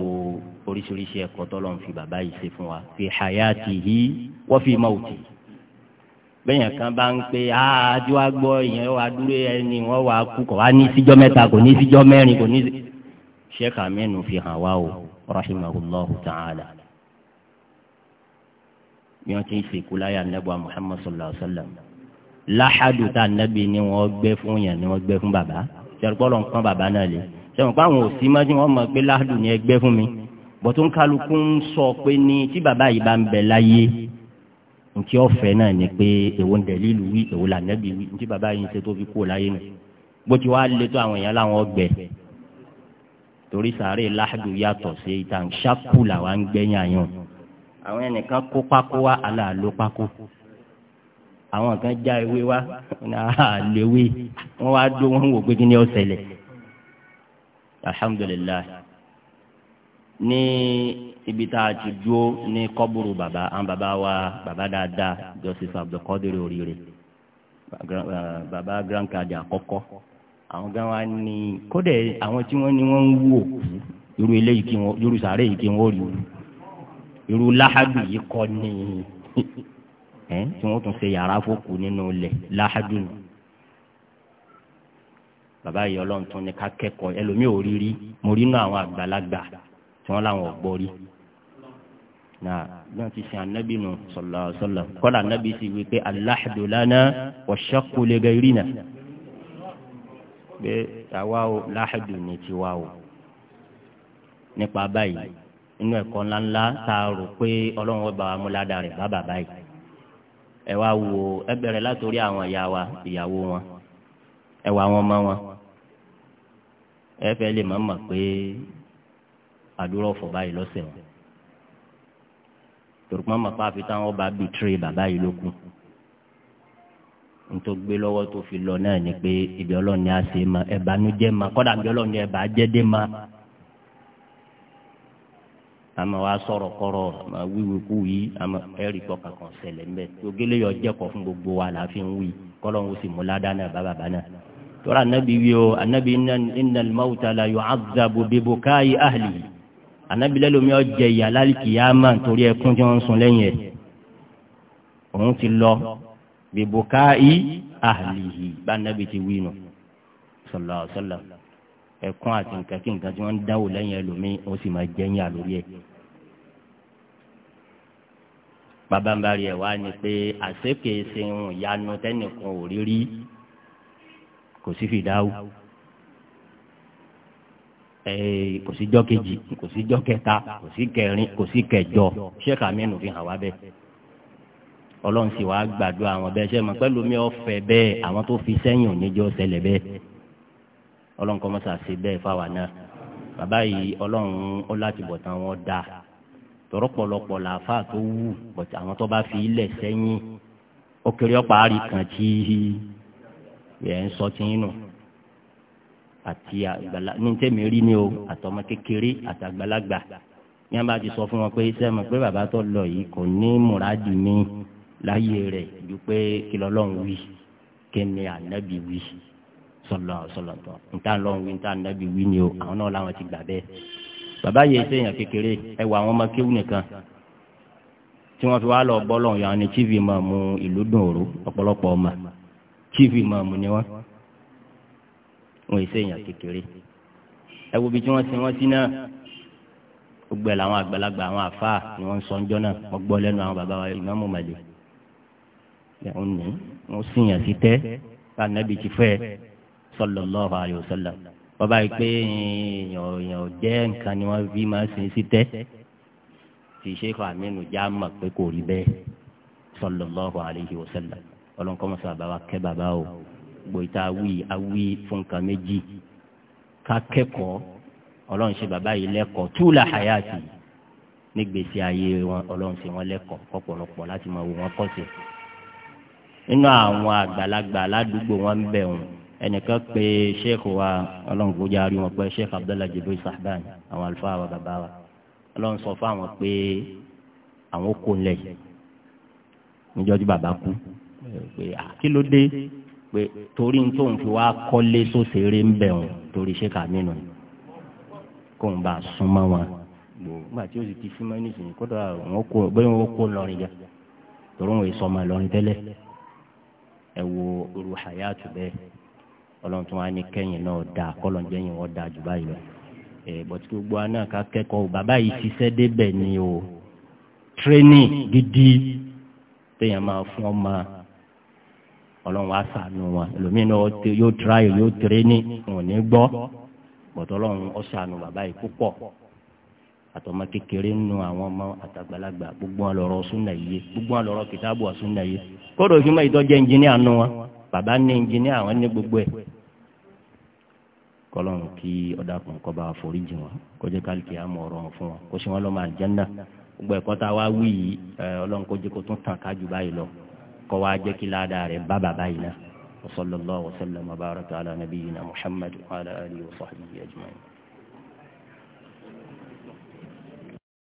oríṣiríṣi ẹ̀kọ́ tọ́lọ́run fi bàbá yìí ṣe fún wa fi hayatihi wa fi mawti bẹ́yẹn kan bá ń pe àájú wa gbọ́ ìyẹn wa dúró ẹni wọ́n wá kú kọ́ wá ní síjọ́ mẹ́ta kò ní síjọ́ mẹ́rin kò ní. sheikh aminu fi hàn wá o rahimahullahu ta'ala. bí wọ́n ti ń sèkú láyà nẹ́bù muhammad sallallahu alayhi wa sallam. láhàdù tá a nẹ́bi ni wọ́n gbé fún yẹn ni wọ́n gbé fún bàbá. sẹ́rù gbọ́dọ̀ ń pọ́n bàbá náà lé sẹ́wọ̀n pé àwọn òsì má tí wọ́n mọ̀ pé láàdù ni ẹgbẹ́ fún mi bọ̀tún ń kálukú ń sọ pé ní tí bàbá yìí bá ń bẹ láyé ntí ọ̀fẹ́ náà ni pé èwo ń dẹ̀lí ìlú wí èwo là nẹ́bí wí ntí bàbá yìí ń ṣe tó fi kú láyé nù bó ti wá lé tó àwọn èèyàn láwọn ọgbẹ́ torí sàárè láàdù yàtọ̀ sí ìtàn ṣáàpù làwọn ń gbẹ́yìn àyàn àwọn ẹnìkan kó pákó wá aláàló pákó àwọn kan já ewé wá àlèwé wọn wá dó wọn wò pé kí ni ó alhamdulillah ní ibi tá a ti dúró ní kọ́bùrù bàbá àwọn bàbá wa bàbá dáadáa Joseph Abdulkadir Oríire eh, bàbá grankadi àkọ́kọ́ àwọn gan wa ní kódà àwọn tí wọ́n ní wọ́n ń wú òkú irú eléyìí kí wọ́n irú sàárè yìí kí wọ́n rí wú irú láhàdù yìí kọ́ ni eh, tí wọ́n tún ṣe yàrá fòkù nínú ilẹ̀ láhàdù nù bàbá yìí ọlọ́run tún ní ká kẹ́kọ̀ọ́ ẹlòmíì ò rírí mo rí inú àwọn àgbàlagbà tí wọ́n láwọn ọ̀gbọ́ rí. na bí wọ́n ti sin anabi nù sọ̀lọ̀ sọ̀lọ̀ kọ́lá anabi sì wí pé aláhàdù lánàá wọ̀ṣẹ́kù lè gẹ irina pé àwa o láhàdù ní tiwa o nípa báyìí inú ẹ̀kọ́ ńláńlá tá a rò pé ọlọ́run ọba amúládà rẹ̀ bá bàbá yìí ẹ wá wo ẹ látòrí àwọn ìyá wa ìyàwó wọn ẹ wà àwọn ọmọ wọn ẹ fẹ́ lè máa mọ̀ pé àdúrà ọ̀fọ̀ báyìí lọ́sẹ̀ wọn torùkú máa mọ̀ pé àfi táwọn bá bi tire bàbá yìí ló kù nítorí gbé lọ́wọ́ tó fi lọ náà ni pé ibi ọlọ́run ni a ṣe ma ẹ̀bánújẹ́ ma kọ́dà ibi ọlọ́run ni ẹ̀bá jẹ́dé ma àmọ́ wa sọ̀rọ̀ kọ́rọ̀ àmọ́ wíwí kú yìí àmọ́ ẹ̀rí kọ́kà kan ṣẹlẹ̀ ń bẹ̀ tó gélé yọ jẹ́kọ̀ fún gbogbo wa làá fi ń wí kọ́lọ́run ó sì mú ládàá náà bá bàbá náà tọ́ra anabi wí o anabi innal mawta la yu'azzabu bibukai ahli anabi lẹ́lómi ọ̀jẹ̀ ìyá lálìkìyàmà torí ẹkún e tí wọ́n ń sun lẹ́yìn ẹ̀ òun ti lọ bibukai ahlihi bá anabi ti wí nù sallallahu alaihi wasallam ẹkún e àti nǹkan kí nǹkan tí wọ́n ń dáwò lẹ́yìn ẹlòmí ó sì máa jẹ́yìn àlórí ẹ̀ e. bàbá ń bá rí ẹ̀ wá ni pé àṣekèsè ń yanu tẹ́nìkan ò kò sí fìdáwù kò sí jọ́ kejì kò sí jọ́ kẹta kò sí kẹrin kò sí kẹjọ Sheikh Aminu fi hàn wá bẹ́ẹ̀ ọlọ́run sì wàá gbàdúrà àwọn bẹ́ẹ̀ ṣe mọ̀ pẹ́lú mi ọ̀fẹ́ bẹ́ẹ̀ àwọn tó fi sẹ́yìn òníjọ́ ṣẹlẹ̀ bẹ́ẹ̀ ọlọ́run kọ́ mọ́sá sí bẹ́ẹ̀ fáwa náà bàbá yìí ọlọ́run ó láti bọ̀ tán wọn dáa tọ̀rọ̀ làáfà tó wù bọ̀tà àwọn tó bá fi ilẹ̀ sẹ́yìn ó kéré ọ̀pá àárí kan tí yẹn ń sọ tiyín nù àti àgbàlá ní tẹ́mi rí ni o àtọmọ kékeré àtàgbàlagbà ní a bá ti sọ fún wọn pé sẹ́mi pé bàbá tó lọ yìí kò ní múradì mi láyé rẹ̀ ju pé kí lọ́lọ́run wí kí ni ànábì wí sọlọ sọlọ tọ níta lọ́run wí níta ànábì wí ni o àwọn náà làwọn ti gbà bẹ́ẹ̀ bàbá yìí sèyàn kékeré ẹ wà àwọn ọmọ kéwù nìkan tí wọ́n fi wá lọ bọ́ lọ́hùn yàrá ní tv máa mú ìlú dùn òru ọ̀pọ̀lọpọ̀ ọmọ chief imam ni wọn wọn èsè èèyàn kékeré ẹ wo bí tí wọn ti wọn sí náà gbogbo ẹ làwọn àgbàlagbà àwọn àfáà ni wọn ń sọ ọjọ́ náà wọn gbọ́ lẹ́nu àwọn bàbá wa ìmáàmù màlẹ ẹhún ni wọn sì yàn sí tẹ anabi ti fẹ sallallahu alaihi wasallam wọn bá rí i pé èèyàn jẹ nǹkan ni wọn fi máa sin sí tẹ tí Sheikh Aminu já mọ̀ pé kò rí bẹ́ẹ̀ sallallahu alaihi wasallam ọlọ́nkọ́mọsọ àbáwá kẹ́ bàbá o gbòòtà awí awí fúnka méjì kakẹ́kọ̀ọ́ ọlọ́run ṣe bàbá yìí lẹ́kọ̀ọ́ túlà hayati nígbèsè ayé wọn ọlọ́run ṣe wọn lẹ́kọ̀ọ́ kọ́pọ̀lọpọ̀ láti máa wò wọn kọ́sẹ̀. nínú àwọn àgbàlagbà aládùúgbò wọn ń bẹ̀ wọn ẹnìkan pé sheikh wa ọlọ́run kò já rí wọn pé sheikh abdullahi jibril sahban àwọn àlùfáà wa bàbá wa ọlọ́run sọ fún àwọn pé àwọn kò ń lẹ̀ níjọ́ tí bàbá kú pé kí ló dé pé torí ní tóun fi wá kọ́lé sóṣèré ń bẹ̀ wọn torí ṣé kà nínú kóun bá súnmọ́ wọn gbogbo àti oṣù ti súnmọ́ nísìnyí kódà wọn kó bóyá wọn kó lọrin jà torí wọn èso ọmọ lọrin tẹ́lẹ̀ ẹ wo irú hayatu bẹ́ẹ̀ ọlọ́run tó wá ní kẹ́yìn náà dá kọ́lọ́njẹ́yìn wọn dá jù báyìí lọ bọ̀tí gbogbo aná ká kẹ́kọ̀ọ́ bàbá yìí ṣiṣẹ́ débẹ̀ ni o tírénì gidi téèyàn máa fún ọmọ ọlọ́run wá sànù wọn ẹlòmíì náà yóò tíráyè yóò tẹ̀rẹ́ ní wọn ní gbọ́ bọ̀dọ̀ ọlọ́run ó sànù bàbá yìí púpọ̀ àtọmọ kékeré nù àwọn ọmọ àtàgbàlagbà gbogbo ọlọ́rọ̀ súnà yìí gbogbo ọlọ́rọ̀ kìtàbù súnà yìí kódò ìfimọ́ ìtọ́jẹ́ ẹnjìníà nù wọn bàbá ní ẹnjìníà wọn ní gbogbo ẹ̀ kọlọ́run kí ọ̀dà kan kọ́ bá foríjì wọn kó jẹ́ káàkiri àmọ́ ọ̀rọ̀ fún wọn kó sì wọn lọ́mọ àlùjánnà gbogbo ẹ̀kọ́ tá a wá wí yìí ọlọ́run kó jẹ́ kó tún tàn kájú báyìí lọ kọ́ wa jẹ́ kí ládàá rẹ̀ bá bàbá yìí náà wa sallallahu wa sallam wa baraka ala nabiyyina muhammad wa ala alihi wa sahbihi ajma'in.